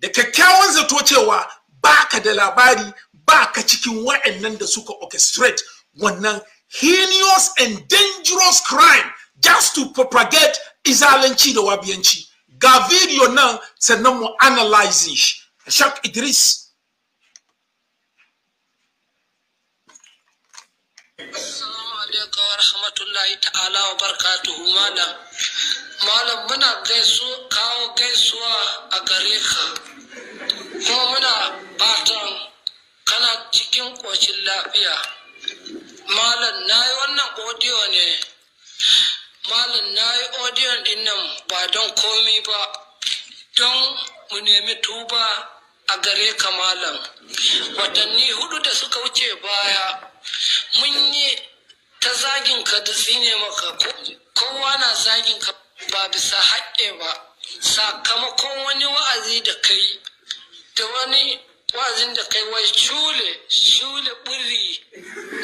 da kyakkyawan zato cewa baka da labari ba ka cikin wa'annan da suka orchestrate wannan heinous and dangerous crime just to propagate izalanci da wabiyanci ga video nan sannan mu analyze shi Shak Idris rahmatullahi ta'ala wa barakatuhu malam. Malam muna kawo gaisuwa a gare ka. Kuma muna fatan kana cikin ƙoshin lafiya malam na yi wannan audio ne malam na yi audio din ba don komi ba don mu nemi tuba a gare ka malam watanni hudu da suka wuce baya mun yi ta zagin ka da tsine maka kowa na zagin ka ba bisa haƙƙe ba sakamakon wani wa'azi da kai da wani wazin da kai wai shule shule buri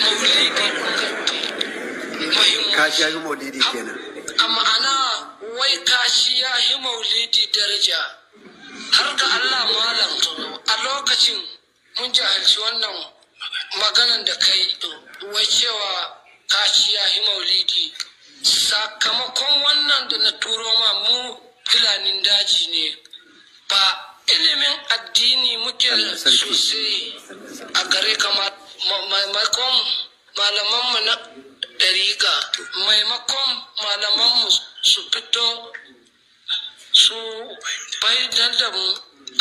maulidin kwanzanti kashi ya yi a ma'ana wai kashi ya yi maulidi daraja har ga allah malam a lokacin mun jahilci wannan maganan da kai wai cewa kashi ya yi maulidi sakamakon wannan da na turo ma mu filanin daji ne ba ilimin addini muke sosai a gare ka maimakon malamanmu na ɗariga maimakon malamanmu su fito su bayyana da mu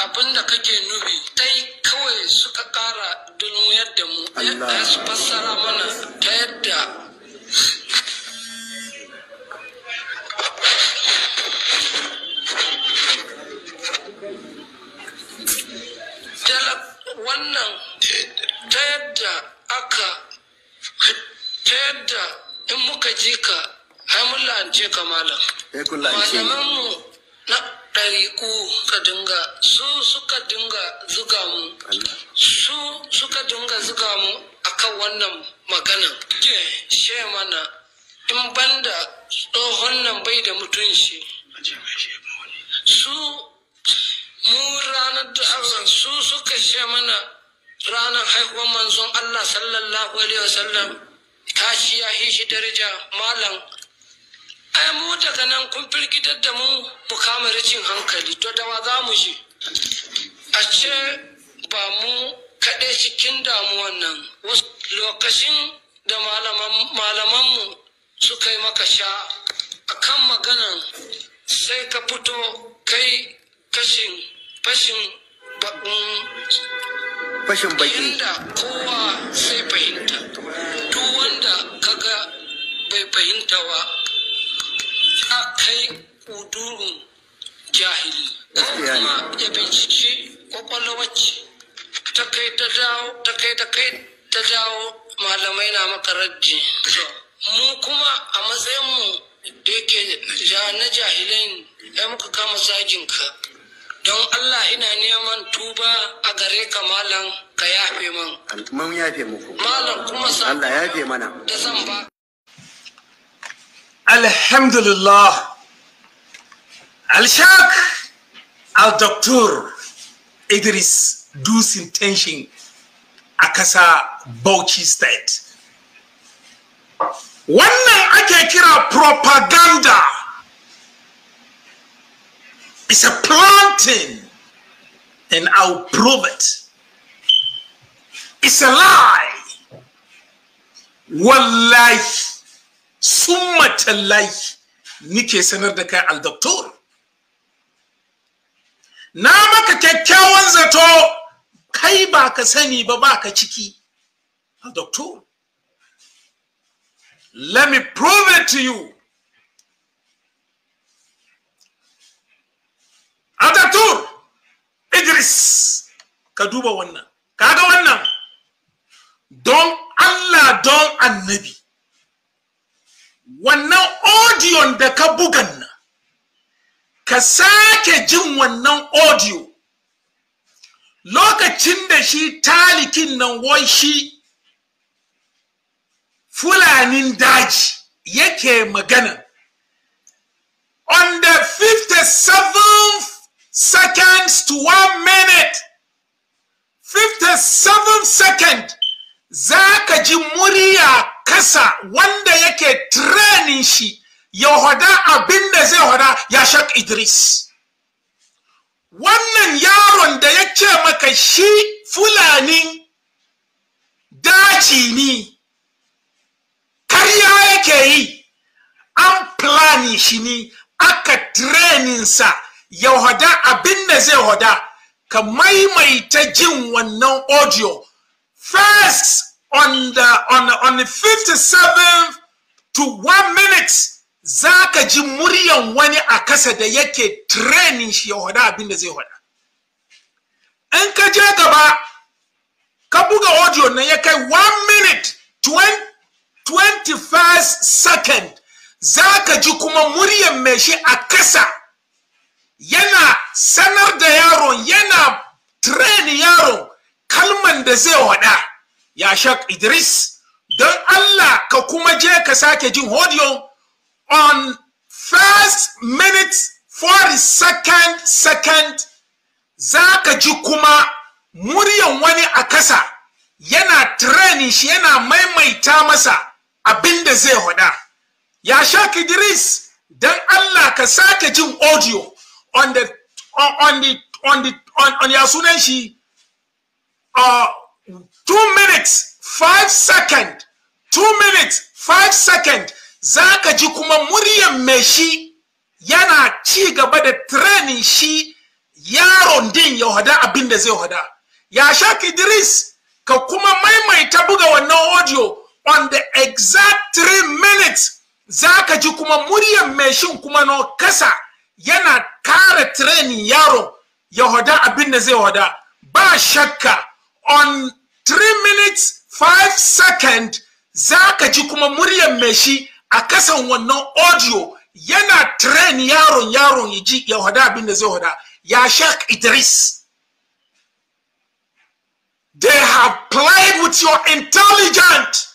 abin da kake nufi tai kawai suka kara dulmuyar da mu ya su fassara mana ta yadda Thank wannan ta yadda aka ta yadda in muka ji ka ai mun la'ance ka malam eh, malamanmu na ɗariƙu ka dinga su suka dinga zuga mu su suka dinga zuga mu akan wannan maganan she mana in banda tsohon nan bai da mutunci su mu ranar da su suka ce mana ranar haihuwar manzon Allah sallallahu alaihi wasallam tashi ya yi shi daraja malam ai mu daga nan kun firgitar da mu mu kama hankali to da za mu je a ce ba mu kaɗai cikin damuwan nan lokacin da malamanmu suka yi maka sha a kan maganan sai ka fito kai kashin fashin bakin fashin baki inda kowa sai fahimta duk wanda kaga bai fahimta ba ya kai kudurun jahili kuma ya bincike kwakwalwaci ta kai ta dawo ta kai ta kai ta dawo malamai na makaraji mu kuma a matsayin mu da yake na jahilai ya muka kama zagin ka don Allah ina neman tuba a gare ka malam ka yafe man mun yafe muku malam kuma sa Allah yafe mana da zan ba alhamdulillah alshak al doctor idris dusin intention a kasa bauchi state wannan ake kira propaganda It's a planting, and I'll prove it. It's a lie. Wallahi, much tallahi, nike sanar da kai al-doktor. Na maka kyakkyawan zato kai ba ka sani ba ba ka ciki al-doktor. Let me prove it to you. Atatur Idris ka duba wannan kaga wannan don Allah don annabi wannan audio da ka bugan nan ka sake jin wannan audio lokacin da shi talikin nan wai shi fulanin daji yake magana on the 57th seconds to one minute 57 second za ka ji murya kasa wanda yake training shi ya hada abin da zai hada ya shak idris wannan yaron da ya ce maka shi fulani daji ne karya yake yi an plani shi ne aka training sa ya abin da zai hada ka maimaita jin wannan audio first on the on the, on the 57th to one minute za ka ji muryan wani a kasa da yake training shi ya hada abin da zai hada in ka je gaba ka buga audio na ya kai one minute 20, 21 second second ka ji kuma muryan mai shi a kasa yana sanar da yaron yana train yaron kalman da zai wada ya shak idris don allah ka kuma je ka sake jin audio on first minute for second second za ka ji kuma muryan wani a kasa yana training shi yana maimaita masa abin da zai hada ya shak idris don allah ka sake jin audio on the on the on the on, on sunan shi uh, two minutes five second two minutes five second za ji kuma muryan me shi yana ci gaba da training shi yaron din ya hada abin da zai hada ya shaki diris ka kuma maimaita buga wannan audio on the exact three minutes za ji kuma muryan me shin kuma no kasa yana kara training yaro ya hoda abin da zai hoda ba shakka on 3 minutes 5 second za ka ji kuma muryar mai shi a kasan wannan audio yana train yaron yaron ya ji ya hoda abin da zai hoda ya shak idris they have played with your intelligent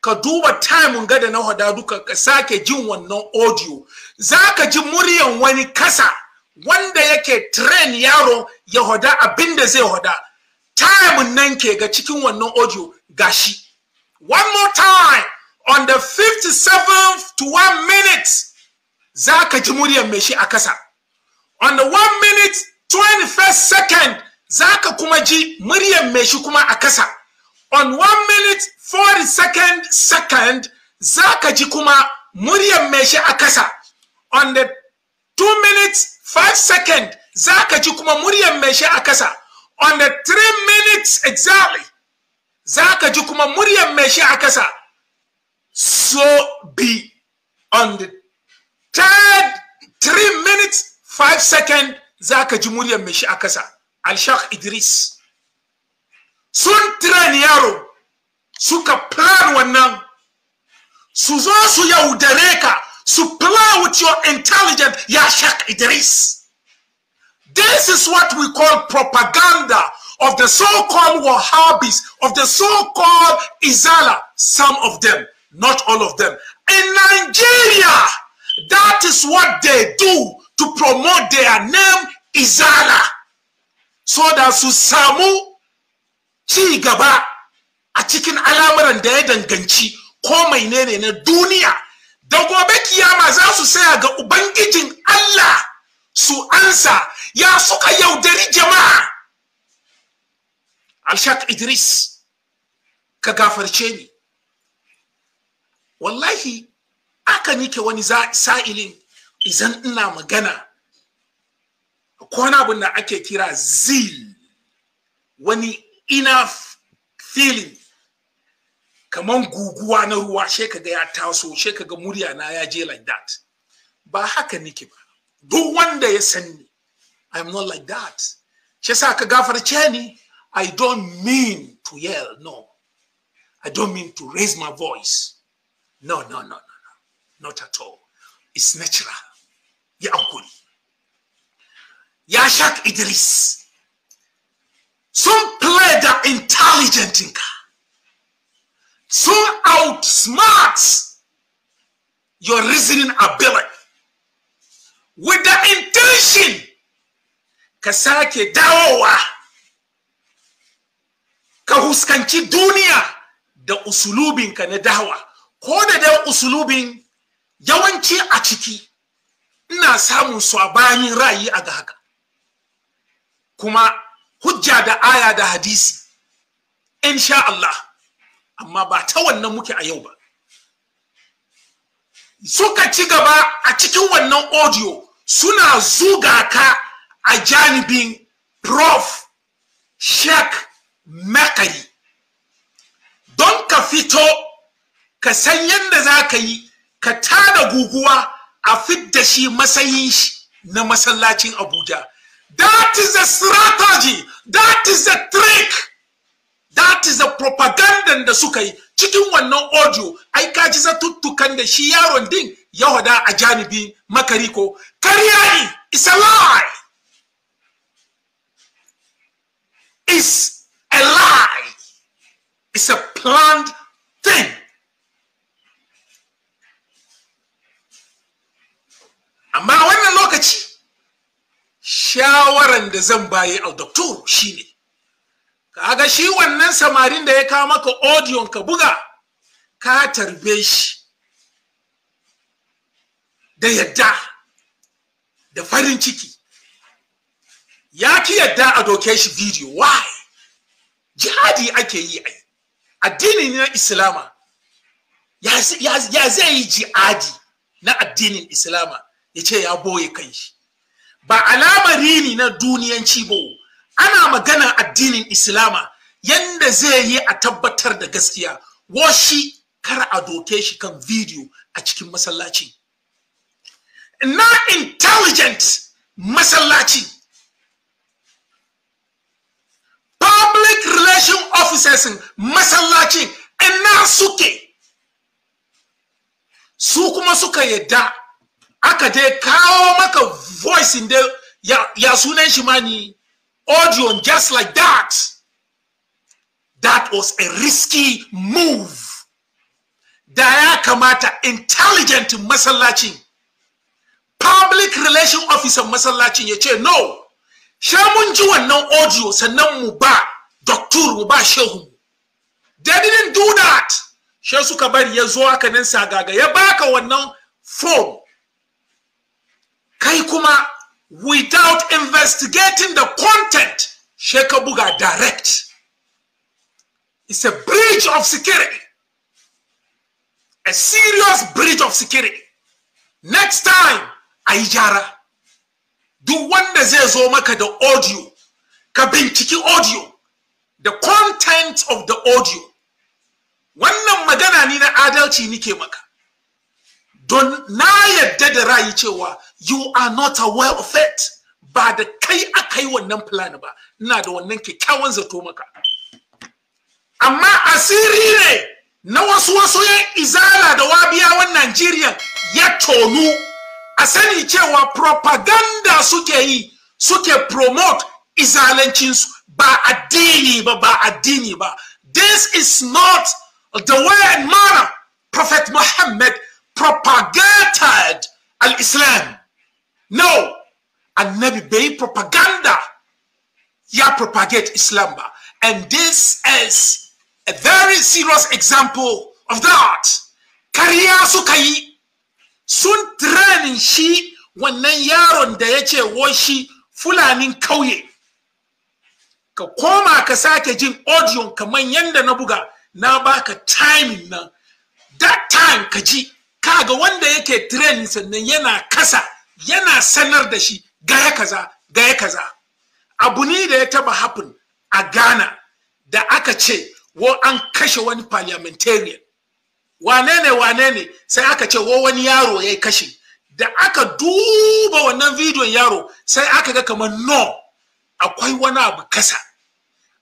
ka duba time ga da na hoda duka ka sake jin wannan audio za ka ji muryan wani kasa wanda yake train yaro ya hoda abin da zai hoda time nan ke ga cikin wannan audio gashi one more time on the 57th to 1 minute za ka ji muryan mai shi a kasa on the 1 minute 21st second za ka kuma ji muryan mai shi kuma a kasa on 1 minute 40 second second za ka ji kuma muryan mai shi a kasa on the two minutes five second za ka ji kuma muryan mai shi a kasa on the three minutes exactly za ka ji kuma muryan mai shi a kasa so be on the third three minutes five second za ka ji muryan mai shi a kasa alshak idris sun train yaro suka plan wannan su zo su yaudare ka Supply with your intelligence, Yashak Idris. This is what we call propaganda of the so-called Wahhabis, of the so-called Izala, some of them, not all of them. In Nigeria, that is what they do to promote their name, Izala. So that Susamu Chigaba, ci gaba a cikin al'amuran da ya ko mai ne na duniya da gobe kiyama za su saya ga ubangijin Allah su ansa ya suka yaudari jama'a alshak idris ka gafarce ni wallahi aka nike wani sa'ilin izan ina magana kwana abin da ake kira zil wani ina feeling kaman guguwa na ruwa she kaga ya taso she kaga murya na ya je like that ba haka nike ba duk wanda ya me. i'm not like that she sa ka gafarce ni i don't mean to yell no i don't mean to raise my voice no no no no no not at all it's natural ya ankuri ya shak idris sun play the intelligent thinker so outsmart your reasoning ability with the intention ka sake dawowa ka huskanci duniya da usulubinka na dawa ko da dai usulubin yawanci a ciki ina samun sabanin rayi a ga haka kuma hujja da aya da hadisi insha Allah amma ba ta wannan muke a yau ba suka ci gaba a cikin wannan audio suna zuga ka a janibin prof sheik makari don ka fito ka san yadda za ka yi ka tada guguwa a fidda shi matsayin shi na masallacin abuja that is the strategy that is the trick that is the propaganda da suka yi cikin wannan audio ai ka ji zatuttukan da shi yaron din ya hada a janibi makari karya ne is a lie is a lie is a planned thing amma wannan lokaci shawaran da zan baye al doktor shine kaga shi wannan samarin da ya kawo maka audion ka buga ka tarbe shi da yadda da farin ciki ya ki yadda a doke shi video why jihadi ake yi ai addini na islama ya zai yi jihadi na addinin islama ya ce ya boye shi. ba alamarini na duniyanci ba ana magana addinin islama yanda zai yi a tabbatar da gaskiya washi kar a doke shi kan video a cikin masallaci na intelligent masallaci public relation officers masallaci ina suke su kuma suka yadda aka dai kawo maka voice da ya, ya sunan shi ma ni Odeon just like that. That was a risky move. Da ya kamata intelligent masallacin, public relation officer masallacin ya ce no, sha mun ji wannan audio sannan mu ba doktor mu ba shehu. They didn't do that. She suka bari ya zo haka nan sagaga ya baka wannan form. Kai kuma without investigating the content sheka buga direct it's a breach of security a serious breach of security next time ayi do gyara duk wanda zai zo maka da audio ka binciki audio the content of the audio wannan magana ni na adalci nike maka don na yadda da rayi cewa you are not aware of it ba da kai aka yi wannan plan ba ina da wannan kyakkyawan zato maka amma asiri ne na wasu wasu ya izala da wabiyawan Najeriya ya tonu a sani cewa propaganda suke yi suke promote izalancinsu ba addini ba ba addini ba this is not the way and manner prophet muhammad propagated al-Islam. No, annabi bai propaganda ya propagate Islam ba. And this is a very serious example of that. Kariya suka yi sun training shi wannan yaron da ya ce shi fulanin kauye. Ka koma ka sake jin audio kamar yadda na buga na baka timing nan. That time ka ji ka ga wanda yake training sannan yana kasa yana sanar da shi gaya kaza gaya kaza abu ne da ya taba happen a Ghana da aka ce wo an kashe wani parliamentarian wane ne wane ne sai aka ce wo wani yaro ya kashe da aka duba wannan bidiyon yaro sai aka ga kamar no akwai wani abu kasa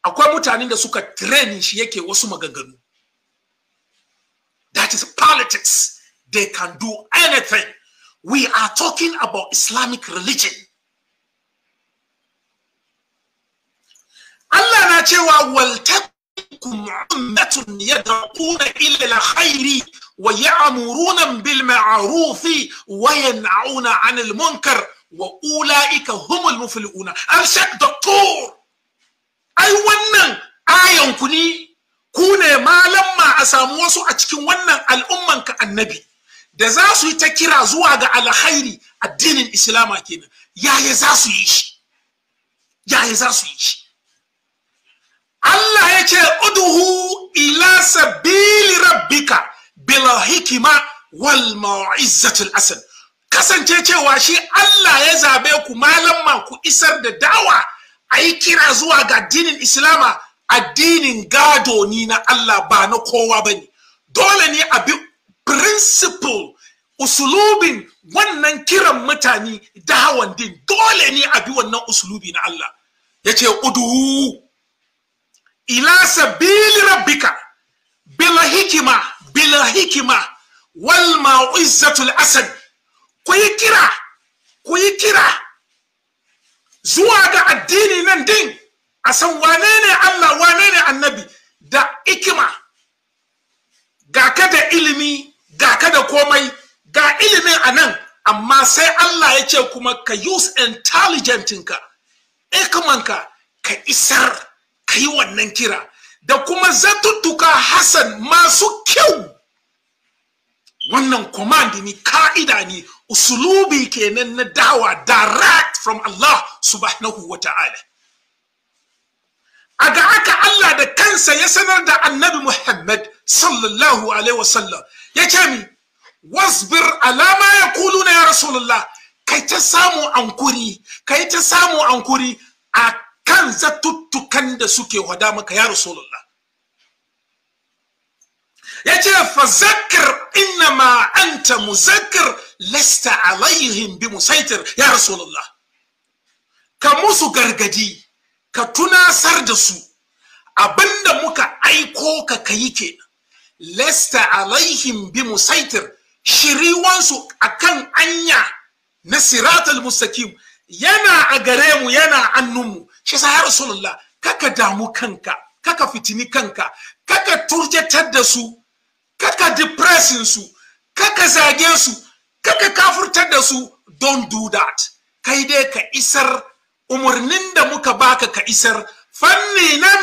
akwai mutanen da suka training shi yake wasu maganganu that is politics they can do anything. We are talking about Islamic religion. Allah na cewa takum ummatun yad'una ila al-khairi wa ya'muruna bil ma'ruf wa yan'una 'anil munkar wa ulaika humul muflihun. arshak doctor ai wannan ayan ku ne ku ne malamma a samu wasu a cikin wannan al'umman ka annabi da za su yi ta kira zuwa ga alkhairi addinin islama kenan yaya za su yi shi yaya za su yi shi Allah ya ce uduhu ila sabili rabbika bil hikima wal mau'izatil asal kasance cewa shi Allah ya zabe ku malamma ku isar da dawa ayi kira zuwa ga addinin islama addinin gado ni na Allah ba na kowa bane dole ne a bi principle usulubin wannan kiran mutane da hawan din dole ne a bi wannan usulubi na Allah ya ce udu ila sabili rabbika bil hikima bil hikima wal ma'izzatul asad ku yi kira ku yi kira zuwa ga addini nan din a san wane ne Allah wane ne annabi da ikima ga ka da ilimi ga ka da komai ga ilimin a nan amma sai Allah ya ce kuma ka use ka ikamanka ka isar ka yi wannan kira da kuma zatuttuka Hassan masu kyau wannan command ni ka'ida ne usulubi kenan na dawa direct from Allah subhanahu wa ta'ala a ga aka Allah da kansa ya sanar da annabi Muhammad sallallahu alaihi wasallam Ya yace mi wasbir alama yaquluna ya rasulullah kai ta samu ankuri kai ta samu ankuri a kan zatuttukan da suke wada maka ya rasulullah ce fa zakkir innama anta muzakkir lasta alaihim bi musaitir ya rasulullah ka musu gargadi ka tunasar da su abinda muka aiko ka kayi kenan lasta alaihim bi musaitir shiriwansu akan anya na siratul mustaqim yana a gare mu yana annunmu shi sa ya rasulullah kaka damu kanka kaka fitini kanka kaka turjatar da su kaka depressing su kaka zage su kaka kafurtar da su don't do that kai dai ka isar umarnin da muka baka ka isar fanni na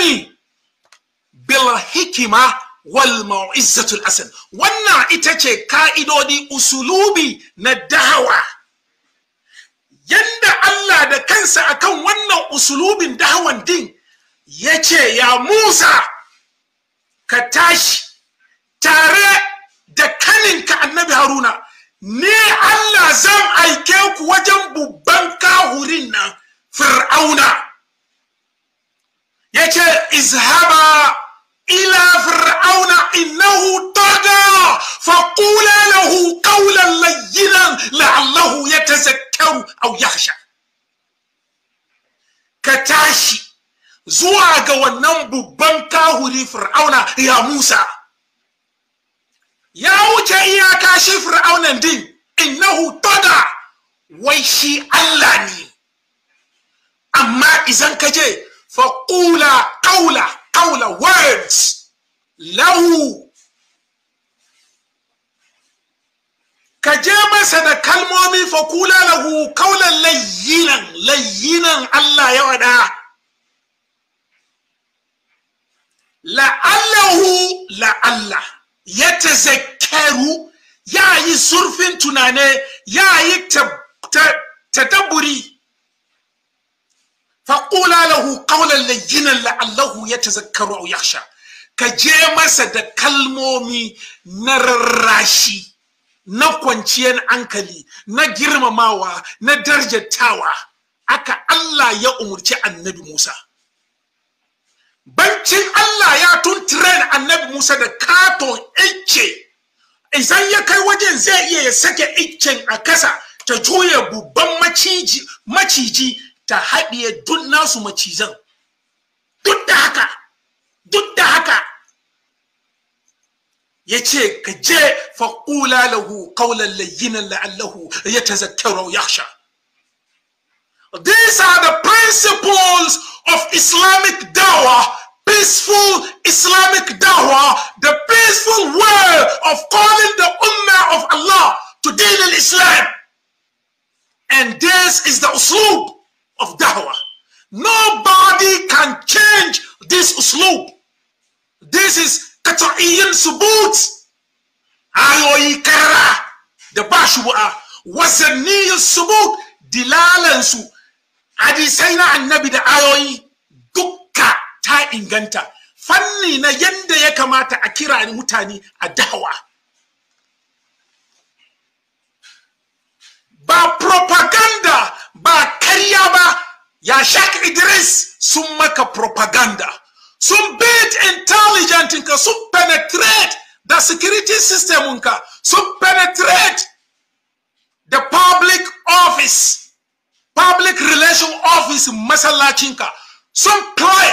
bil hikima wal mau'izatul asal wannan ita ce ka'idodi usulubi na dahawa yanda Allah da kansa akan wannan usulubin dahawan din ya ce ya Musa ka tashi tare da kanin ka annabi Haruna ni Allah zan aike ku wajen babban kahurin nan fir'auna ya ce izhaba إلى fir'auna إنه طغى فقولا له قولا لينا لعله يتذكر أو يخشى كتاشي zuwa ga wannan babban kahuri fir'auna ya musa ya wuce iya tashi fir'aunan din innahu toda wai shi allah ne amma izan ka je faƙula ƙaula قول words lahu ka je masa da kalmomi fa kula lahu kaulan layyinan layyinan Allah ya wada la'allahu la'alla ya tazakkaru ya yi surfin tunane ya yi tadabburi fa'ula lahu qawlan layyinan la'allahu yatazakkaru aw yakhsha ka je masa da kalmomi na rarrashi na kwanciyar hankali na girmamawa na darjatawa aka Allah ya umurci annabi Musa bancin Allah ya tun tunturen annabi Musa da katon icce idan ya kai wajen zai iya ya sake iccen a kasa ta juya babban maciji maciji ta haɗiye duk nasu macizan duk da haka duk da haka ya ce ka je faƙula lahu ƙaunar la'allahu ya These are the principles of Islamic dawa, peaceful Islamic dawa, the peaceful way of calling the ummah of Allah to deal in Islam. And this is the uslub of dawah. Nobody can change this uslub. This is Kataiyan subut. Ayoyi kara da ba shi bu'a. subut dilalansu hadisai na annabi da ayoyi dukka ta inganta. Fanni na yanda ya kamata a kira mutane a dawa. Ba propaganda ba karya ba ya shak idris sun maka propaganda sun bid intelligent ka sun penetrate the security system ka sun penetrate the public office public relation office masallacinka sun play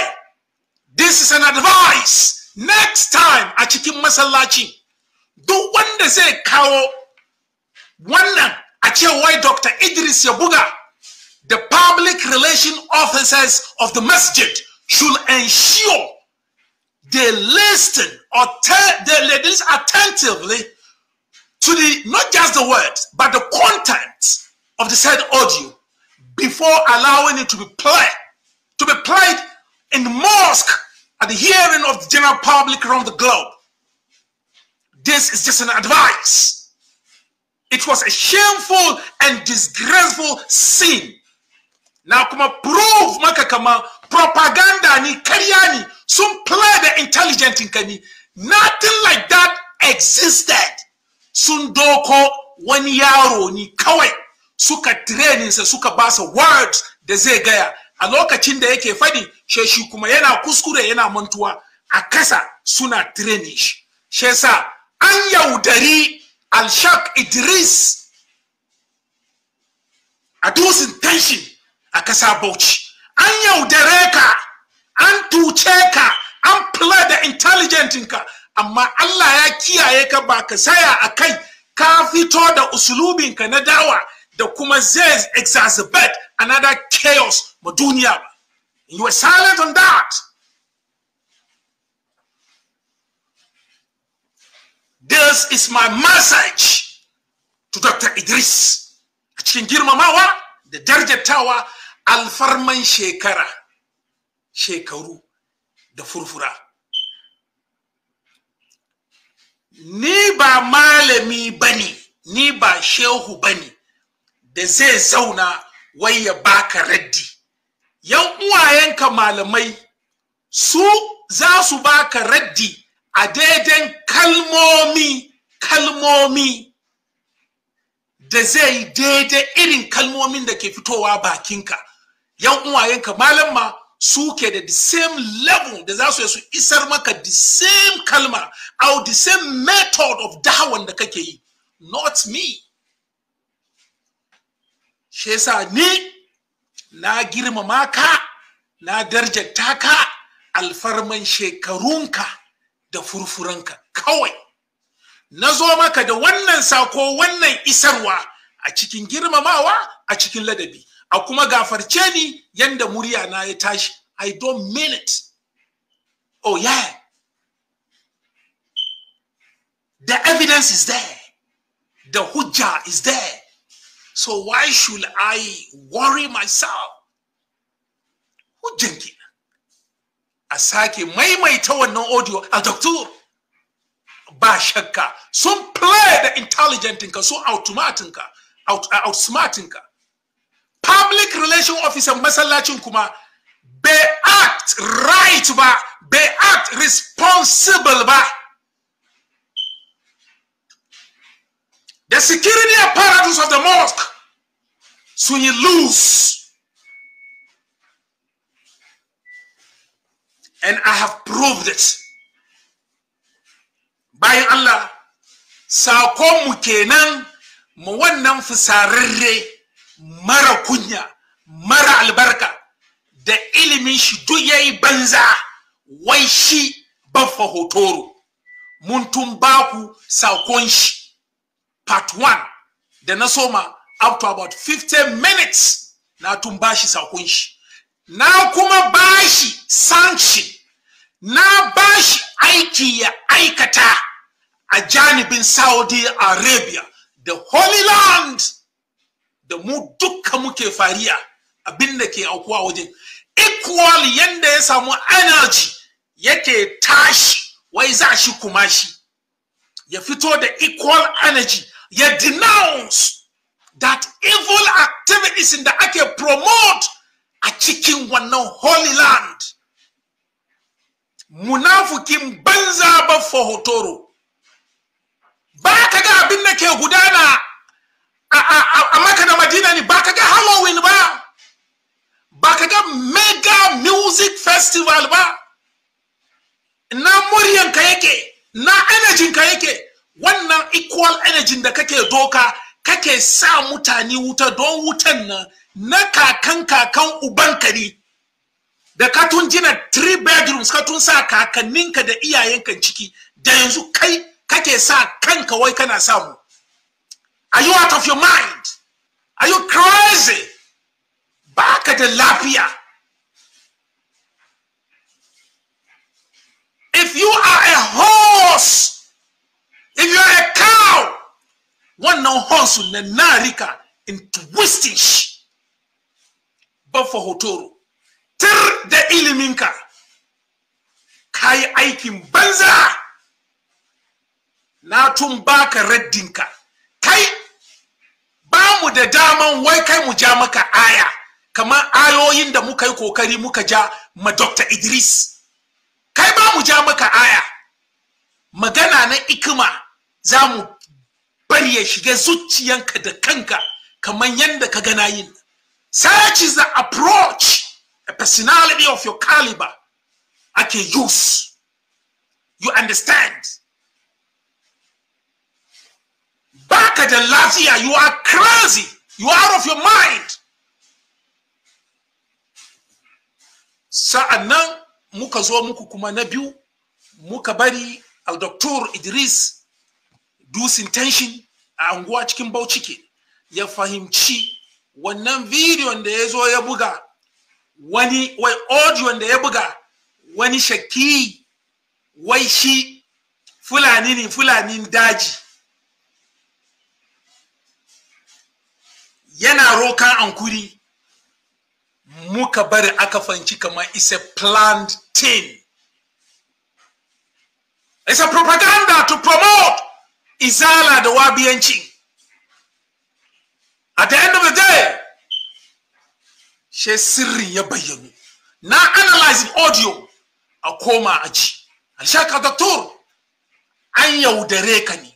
this is an advice next time a cikin masallaci duk wanda zai kawo wannan a ce wai dr idris ya buga the public relation officers of the masjid should ensure they listen or they listen attentively to the not just the words but the content of the said audio before allowing it to be played to be played in the mosque at the hearing of the general public around the globe. This is just an advice. It was a shameful and disgraceful sin na kuma prove maka kama propaganda ni karya ni sun play da intelligent ka ni nothing like that existed sun doko wani yaro ni kawai suka training sa suka basa words da zai gaya a lokacin da yake fadi she shi kuma yana kuskure yana mantuwa a kasa suna training shi she sa an yaudari alshak idris a dusin tension a kasa bauchi an yaudare ka an tuce ka an fula da intelligentinka amma Allah ya kiyaye ka ba ka saya a kai ka fito da usulubinka na dawa da kuma zai exacerbate another chaos ma duniya ba you were silent on that this is my message to Dr. Idris a cikin girmamawa da darjatawa alfarman shekara shekaru da furfura ni ba malami bane ni ba shehu bane da zai zauna wai ya baka raddi yan uwayenka malamai su za su baka raddi a daidan kalmomi kalmomi da zai daidai irin kalmomin da ke fitowa bakinka yan uwayenka malam ma suke da the same level da za su su isar maka the same kalma or the same method of dawon da kake yi not me shi yasa ni na girmama ka na darjata ka alfarman shekarunka da ka kawai na zo maka da wannan sako wannan isarwa a cikin girmamawa a cikin ladabi a kuma gafarce ni yanda murya na ya tashi i don't mean it oh yeah the evidence is there the hujja is there so why should i worry myself hujjan kenan a sake maimaita wannan audio a doctor ba shakka sun play the intelligent ka so automatin ka outsmartin ka uh, public relation officer masallacin kuma bai act right ba bai act responsible ba the security apparatus of the mosque sun yi loose and I have proved it bayan Allah mu kenan mu wannan fusararre mara kunya mara albarka da ilimin shi duk yayi banza wai shi baffa hotoro mun tun baku sakon shi part 1 da na soma up to about 15 minutes na tun bashi sakon shi na kuma bashi sanction na bashi aiki ya aikata a janibin Saudi Arabia, the Holy Land. da mu dukka muke fariya abin da ke aukuwa wajen equal yanda ya samu energy yake tashi wai za shi kuma shi ya fito da equal energy ya denounce that evil activities da ake promote a cikin wannan holy land munafukin banza ba fahotoro ba ka ga abin da ke gudana A'a, maka da madina ne ba ka ga halloween ba ba ka ga mega music festival ba na ka yake na ka yake wannan equal energy da kake doka kake sa mutane wuta don wutan nan na kakan kakan ubanka ne da katun gina three bedrooms katun sa kakanninka da iyayenka ciki da yanzu kai kake sa kanka wai kana samu Are you out of your mind? Are you crazy? Back at the Lapia. If you are a horse, if you are a cow, one wannan horse na narika in twistish. shi ba hotoro tir da iliminka ka yi aikin banza na tun baka raddinka kai mu da daman wai kai mu ja maka aya kamar ayoyin da muka yi kokari muka ja ma Dr. Idris kai ba mu ja maka aya magana na ikima za mu bari ya shiga zuciyanka da kanka kamar yadda ka gana yin such is the approach a personality of your caliber ake use you understand baka da lafiya you are crazy you are out of your mind sa'annan muka zo muku kuma na biyu muka bari al doctor idris dusin intention a anguwa cikin bauchi ke ya fahimci wannan video da ya zo ya buga wani wai audio da ya buga wani shakki wai shi fulani ne fulani daji yana rokan ankuri muka bari aka fanci kamar is a planned thing it's a propaganda to promote izala da wabiyanci at the end of the day she sirrin ya bayyano na analyzing audio a koma a ji alshaka doctor an yaudare ka ne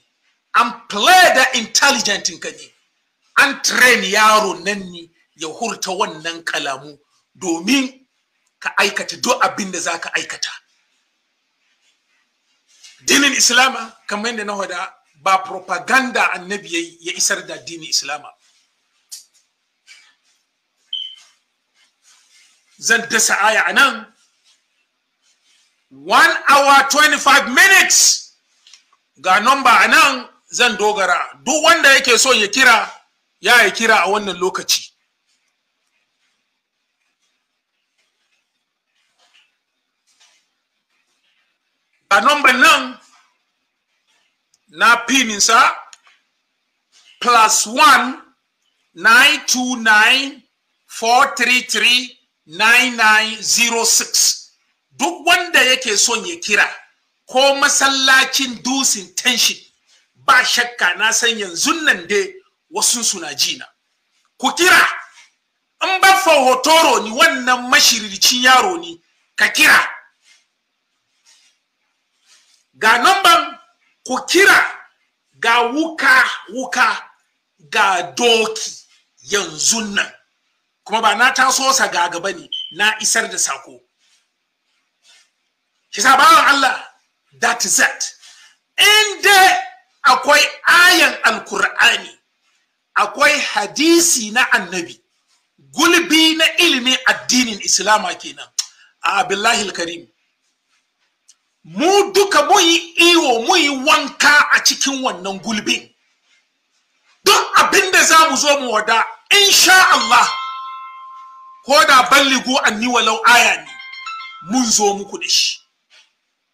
an play da intelligent ka ne an train yaro nan ne ya hurta wannan kalamu domin ka aikata duk abin da za ka aikata dinin islama kamar yadda na hada ba propaganda annabi ya isar da dini islama zan dasa aya anan nan one hour 25 minutes ga number anan zan dogara duk wanda yake so ya kira ya yi kira a wannan lokaci a number nan na pininsa plus one nine two nine four three duk wanda yake son ya kira ko masallacin dusin tension ba shakka na san yanzu nan dai wasu suna jina ku kira in bafa hotoro ni wannan mashirircin yaro ne ka kira ga namban ku kira ga wuka wuka ga doki yanzu nan kuma ba na taso sa ga gaba ne na isar da sako Kisa bawan Allah that is that in dai akwai ayan alkur'ani akwai hadisi na annabi gulbi na ilimin addinin islama kenan a abdullahi karim mu duka mun yi iwo mun yi wanka a cikin wannan gulbin duk abinda za mu zo mu wada in sha Allah ko da balligo anni walau aya ne mun zo muku da shi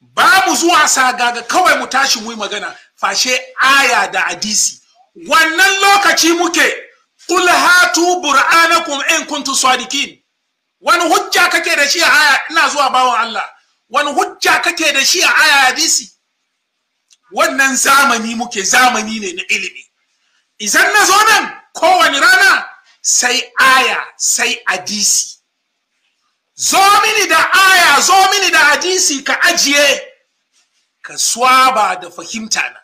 ba mu zuwa sagaga kawai mu tashi mu yi magana fashe aya da hadisi wannan lokaci muke kul hatu bur'anakum in kuntum sadiqin wani hujja kake da shi a aya ina zuwa bawan Allah wani hujja kake da shi a aya hadisi wannan zamani muke zamani ne na ilimi idan na zo nan kowane rana sai aya sai hadisi zo mini da aya zo mini da hadisi ka ajiye ka swaba da fahimta na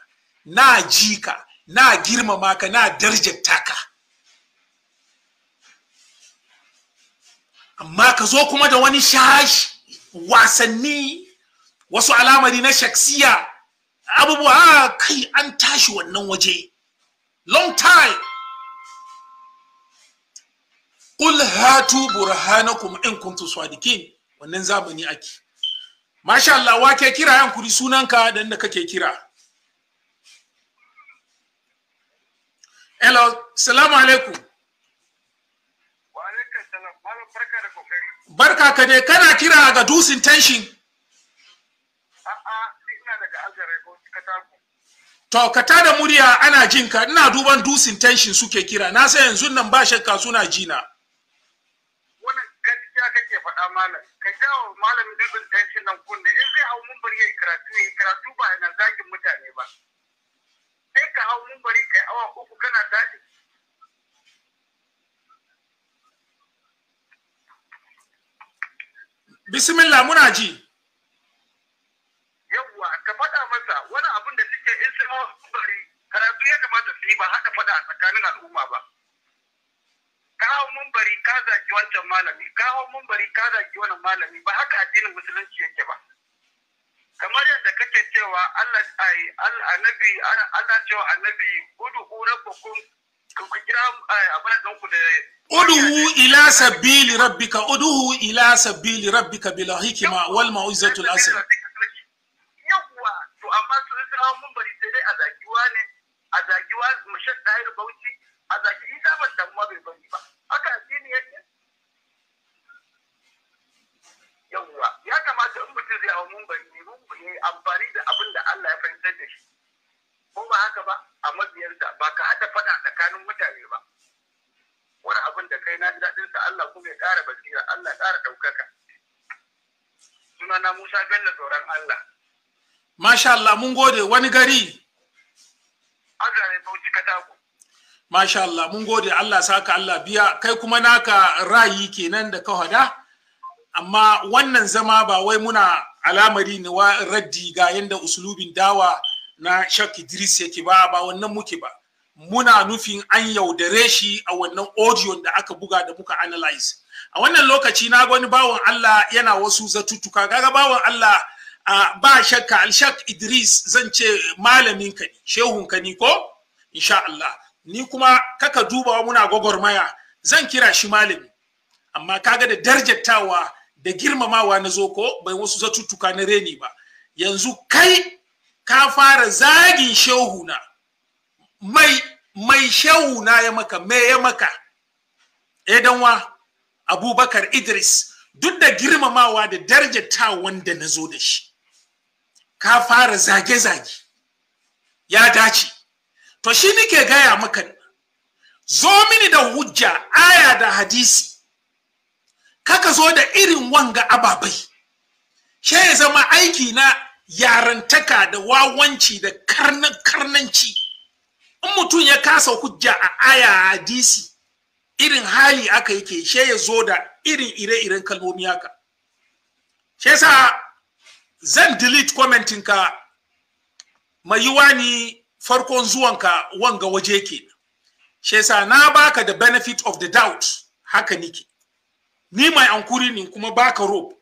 na ji ka na girmama ka na darjata ka amma ka zo kuma da wani shash wasanni wasu alamari na shaksiya abubuwa a kai an tashi wannan waje long time Kul hatu burhanakum in kuntum sadiqin wannan zamani ake masha Allah wake kira yan kuri sunanka da inda kake kira Hello, salamu alaikum. Wa alaikum salam, malam barka da kokari. Barka ka ne kana kira ga dusin tension. A'a, ina daga Azare ko Katako. To, ka tada murya ana jin ka, ina duban dusin tension suke kira. Na sai yanzu nan ba shakka suna jina. Wannan gaskiya kake faɗa malam. Ka jawo malamin dusin tension nan kunne in zai hau mun bari ya karatu, ya karatu ba yana zagin mutane ba. sai ka hau mumbari kai awa uku kana tashi bismillah muna ji yawwa ka faɗa masa wani abin da suke in sun karatu ya kamata su yi ba haka faɗa a tsakanin al'umma ba hau mumbari ka zaki wancan malami hau mumbari ka zaki wannan malami ba haka addinin musulunci yake ba kamar yadda kake cewa Allah ai annabi Allah cewa annabi ud'u rabbakum ku kira abana don ku da ud'u ila sabili rabbika ud'u ila sabili rabbika bil hikma wal mau'izatul asr yawa to amma sun tsara mun bari sai dai a zakiwa ne a zakiwa bauchi a zaki isa ban damuwa bai bari ba haka shine yake yawwa ya kamata in mutum zai hau mun bari ne amfani da abin da Allah ya fahimtar da shi ko ba haka ba a mabiyansa ba ka hada faɗa tsakanin mutane ba wani abin da kai na ji daɗin sa Allah kuma ya ƙara basira Allah ƙara ɗaukaka sunana Musa Bello tsoron Allah Masha Allah mun gode wani gari Allah ne bauchi katako Masha Allah mun gode Allah saka Allah biya kai kuma naka rayi kenan da ka hada amma wannan zama ba wai muna alamari ne wa raddi ga yanda usulubin dawa na Shak Idris yake ba ba wannan muke ba muna nufin an yaudare shi a wannan audio da aka buga da muka analyze a wannan lokaci na wani bawan Allah yana wasu zatutuka kaga bawan Allah a ba shakka Alshak Idris zan ce malamin ka shehun ka ni ko insha Allah ni kuma kaka duba muna gwagwarmaya zan kira shi malami amma kaga da darjatawa. da girmamawa na zo ko bai wasu zatuttuka na reni ba yanzu kai ka fara zagin shehuna mai mai na ya maka me ya maka eh, danwa abubakar idris duk da girmamawa da darajatawan wanda na zo da shi ka fara zage-zage ya dace to shi nike gaya maka zo mini da hujja aya da hadisi kaka zo da irin wanga ababai she ya zama aiki na yarantaka da wawanci da karnan karnanci in mutum ya kasa hujja a aya hadisi irin hali aka yake she ya zo da irin ire-iren kalmomi haka she sa zan delete commenting ka mai yiwa ni farkon zuwanka wanga waje ke she sa na baka the benefit of the doubt haka nike ni mai ankuri ne kuma baka rope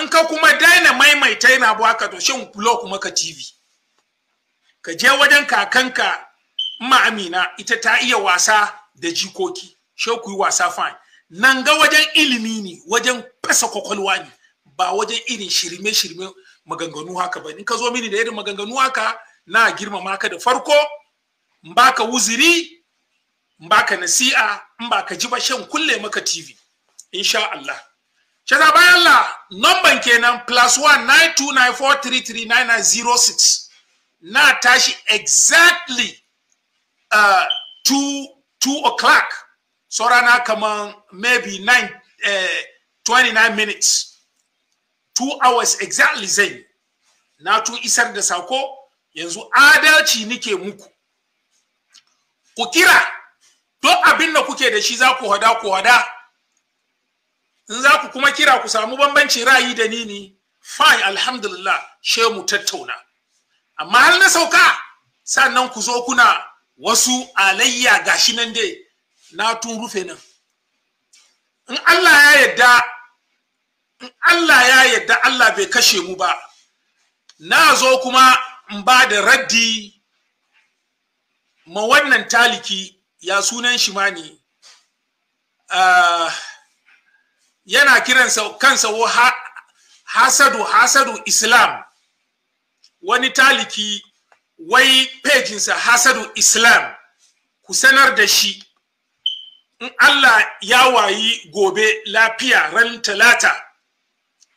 in ka kuma daina maimaita yana baka to shin kulo kuma ka tv ka je wajen kakanka ma amina ita ta iya wasa da jikoki she ku yi wasa fine nan ga wajen ilimi ne wajen fasa kwakwalwa ne ba wajen irin shirme shirme maganganu haka ba in ka zo mini da irin maganganu haka na girmama ka da farko in baka wuziri in baka nasi'a in baka ji ba shan kulle maka tv insha Allah shaza bayan Allah number kenan plus one nine two nine four three three nine nine zero six na tashi exactly uh, two two o'clock sora na kaman maybe nine uh, eh, 29 minutes two hours exactly zai na tun isar da sako yanzu adalci nike muku ku kira duk abin da kuke da shi za ku hada ku hada in za ku kuma kira ku samu bambancin ra'ayi da ni ni fine alhamdulillah she mu tattauna amma har na sauka sannan ku zo kuna wasu alayya gashi nan dai na tun rufe nan in Allah ya yadda in Allah ya yadda Allah bai kashe mu ba na zo kuma in ba da raddi ma wannan taliki ya sunan shi ma ne uh, yana kiransa kansa wa ha, hasadu hasadu islam wani taliki wai pejinsa hasadu islam ku sanar da shi in Allah ya wayi gobe lafiya ran talata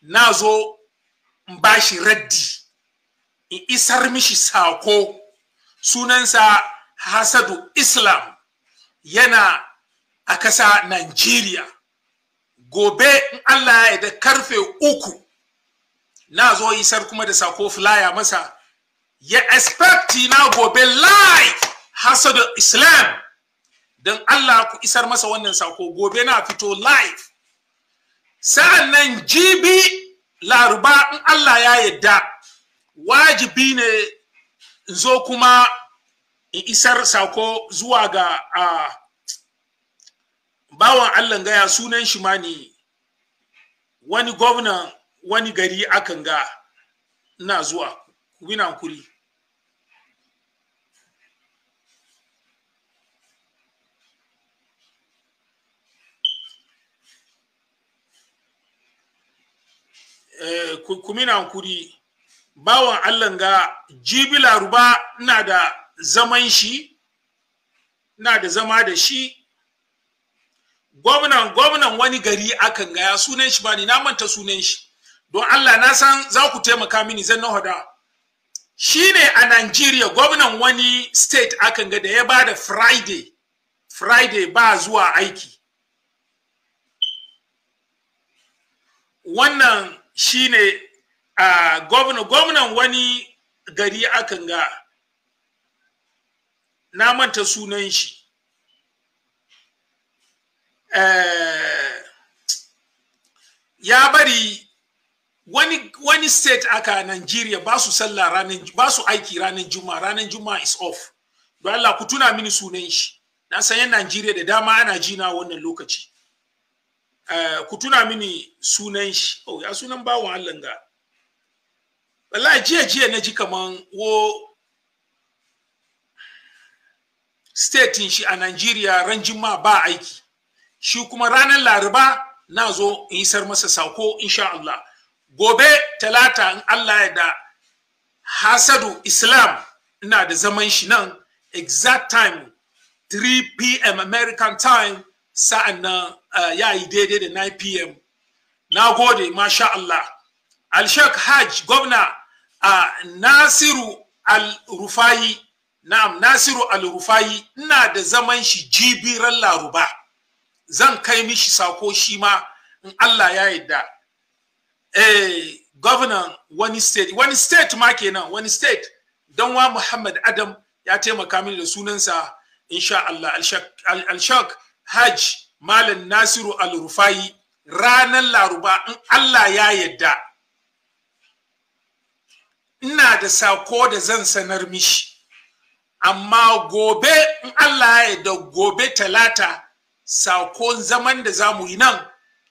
na zo in bashi raddi in isar mishi sako sunansa hasadu islam yana a ƙasa Najeriya. gobe in Allah ya da karfe uku na zo isar kuma da sako filaya masa ya expect na gobe live da islam don Allah ku isar masa wannan sako gobe na fito live sa'an nan jibi laruba in Allah ya yadda wajibi ne zo kuma in isar sako zuwa ga uh, bawan allah gaya sunan shi ma ne wani gwamnan wani gari akan ga na zuwa winan kuri Eh, kumina hankuri bawan allah ga jibi laruba na da zaman shi na da zama da shi gwamnan gwamnan wani gari akan gaya sunan shi bani na manta sunan shi don Allah na san za ku taimaka mini zan na Shi ne a Nigeria gwamnan wani state akan ga da ya bada Friday Friday ba zuwa aiki wannan shine a gwamnan gwamnan wani gari akan ga na manta sunan shi Eh, ya bari wani wani state aka Nigeria ba su sallah ranar ba su aiki ranar Juma'a ranar Juma'a is off don Allah ku tuna mini sunan shi na san yan Nigeria da dama ana jina wannan lokaci uh, ku tuna mini sunan shi oh ya sunan ba wa Allah ga wallahi jiya jiya na ji kaman wo state shi a Nigeria ran Juma'a ba aiki shi kuma ranar laraba na zo in sar masa sako insha Allah gobe talata in Allah ya da hasadu islam ina da zaman shi nan exact time 3 p.m. American time sa'an nan uh, ya yi daidai da 9 p.m. Na gode, masha Allah. Alshak Hajj, gwamna a uh, Nasiru Al-Rufayi, na'am Nasiru Al-Rufayi, ina da zaman shi jibiran Laruba. zan kai mishi sako shi ma in Allah ya yarda eh governor wani state wani state ma kenan wani state don wa Muhammad Adam ya taimaka mini da sunansa insha Allah al-shak hajj malam Nasiru al-Rufai ranar Laruba in Allah ya yarda ina da sako da zan sanar mishi amma gobe in Allah ya yarda gobe talata sako zaman da za mu yi nan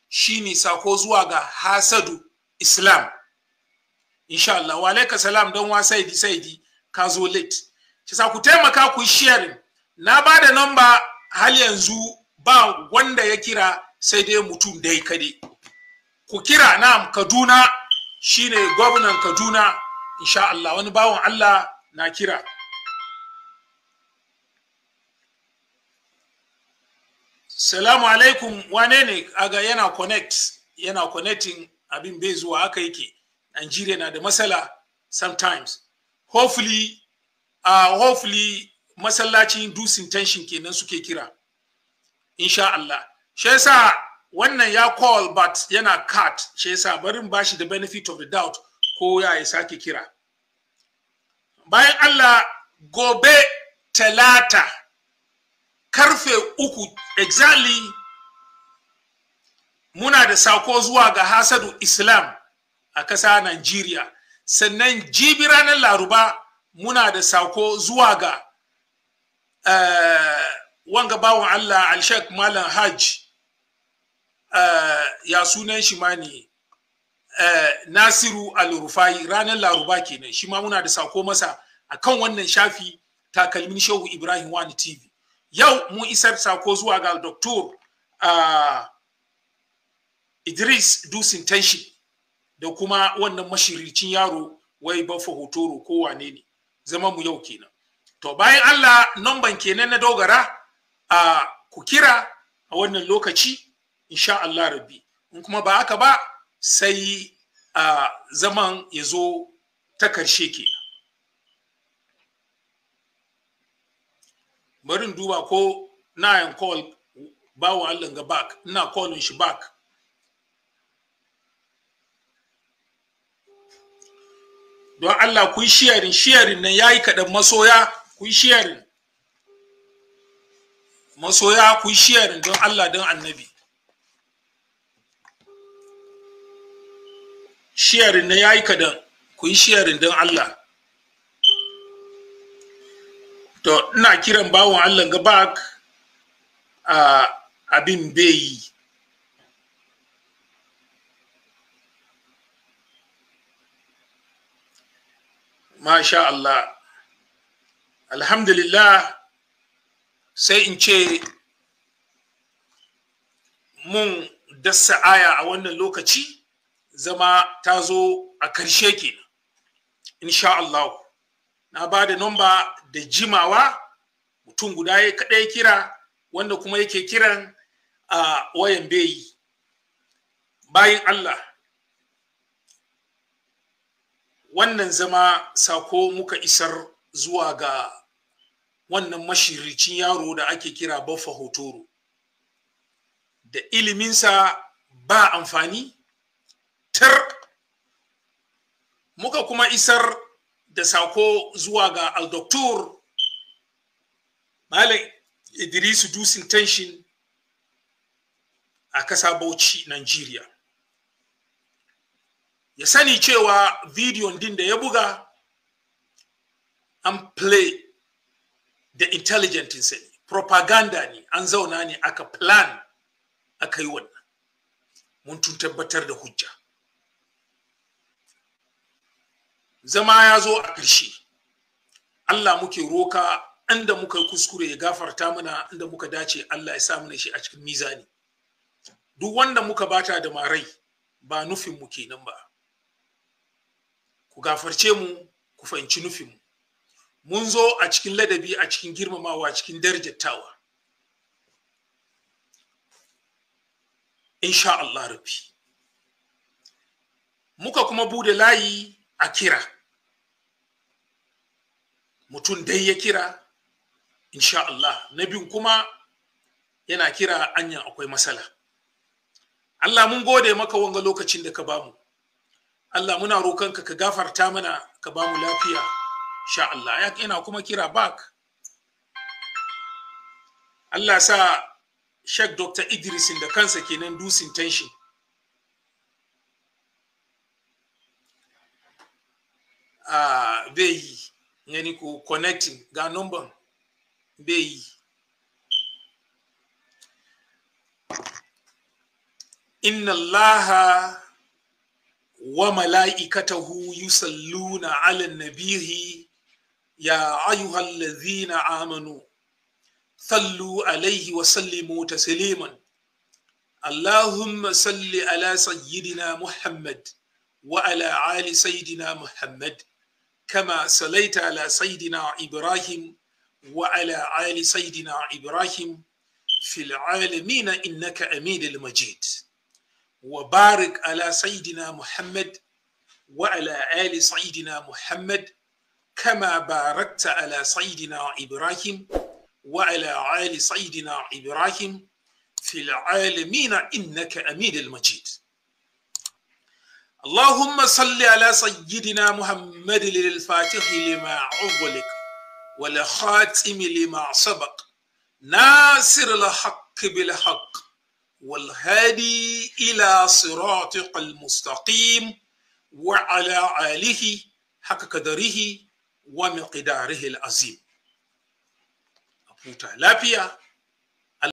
shine sako zuwa ga hasadu islam insha Allah wa alaika salam don wa saidi saidi ka zo late ki sa ku taimaka ku sharing na ba da namba hal yanzu ba wanda ya kira sai dai mutum dai kade ku kira na Kaduna shine gwamnan Kaduna insha Allah wani bawan Allah na kira salamu alaikum wane ne aga yana connect yana connecting abin bai zuwa haka yake nigeria na da matsala sometimes hopefully uh, hopefully masallacin dusin intention kenan suke kira insha Allah shi yasa wannan ya call but yana cut shi yasa barin bashi the benefit of the doubt ko ya sake kira bayan Allah gobe talata karfe uku exactly muna da sako zuwa ga hasadu islam a ƙasa nigeria sannan jibi ranar laruba muna da sako zuwa ga uh, wanga bawan allah alshek malam hajj uh, ya sunan shi ma ne uh, nasiru alrufai ranar laruba kenan shi ma muna da sako masa akan wannan shafi takalmin shehu ibrahim wani tv yau mun isar sako zuwa ga doktor uh, idris dusin tanshi da kuma wannan mashiricin yaro wai bafa hotoro ko wane ne zama mu yau kenan to bayan allah namban kenan na dogara uh, ku kira a wannan lokaci insha allah rabbi in kuma ba haka ba sai uh, zaman ya zo ta karshe kenan bari in duba ko na yan call ba wa Allah ga back ina callin shi back don Allah ku yi sharing sharing nan yayi kadan masoya ku yi sharing masoya ku yi sharing don Allah don annabi sharing nan yayi kadan ku yi sharing don Allah to ina kiran bawon Allah ga bak a abin bai masha Allah alhamdulillah sai in ce mun dasa aya a wannan lokaci zama ta zo a ƙarshe kenan insha Allah na ba da nomba da jimawa mutum guda ya kaɗai kira wanda kuma yake kiran a wayan beyi Bayin Allah wannan zama sako muka isar zuwa ga wannan mashiricin yaro da ake kira baffa hotoro da iliminsa ba amfani tar muka kuma isar da sako zuwa ga Al aldoktor malam idrisu dusin tension a kasa bauchi nigeria ya sani cewa bidiyon din da ya buga an play da intelligent ne propaganda ne an zauna ne aka plan aka yi wannan mun tun tabbatar da hujja zama ya zo a ƙarshe Allah muke roka inda muka kuskure ya gafarta mana inda muka dace Allah ya sa mana shi a cikin mizani duk wanda muka bata da marai ba nufin mu kenan ba ku gafarce mu ku fahimci nufin mu mun zo a cikin ladabi a cikin girmamawa a cikin darajattawa insha Allah muka kuma bude layi a kira mutum dai ya kira insha Allah na biyun kuma yana kira anya akwai masala Allah mun gode maka wanga lokacin da ka bamu Allah muna roƙonka ka gafarta mana ka bamu lafiya insha Allah yana kuma kira back Allah sa Sheikh Dr. Idris' da kansa kenan dusin tension ah, zai uh, yi yani ko connecting ga numban bai yi inna allaha wa mala'ikatahu yusalluna ala nabihi ya ayyuhal ladhina amanu sallu alaihi wa sallimu tasliman salli ala sayyidina muhammad wa ala ali sayyidina muhammad كما صليت على سيدنا ابراهيم وعلى ال سيدنا ابراهيم في العالمين انك امين المجيد وبارك على سيدنا محمد وعلى ال سيدنا محمد كما باركت على سيدنا ابراهيم وعلى ال سيدنا ابراهيم في العالمين انك امين المجيد اللهم صل على سيدنا محمد للفاتح لما أغلق ولخاتم لما سبق ناصر الحق بالحق والهادي إلى صراطك المستقيم وعلى آله حق قدره ومقداره العظيم أبو لابيا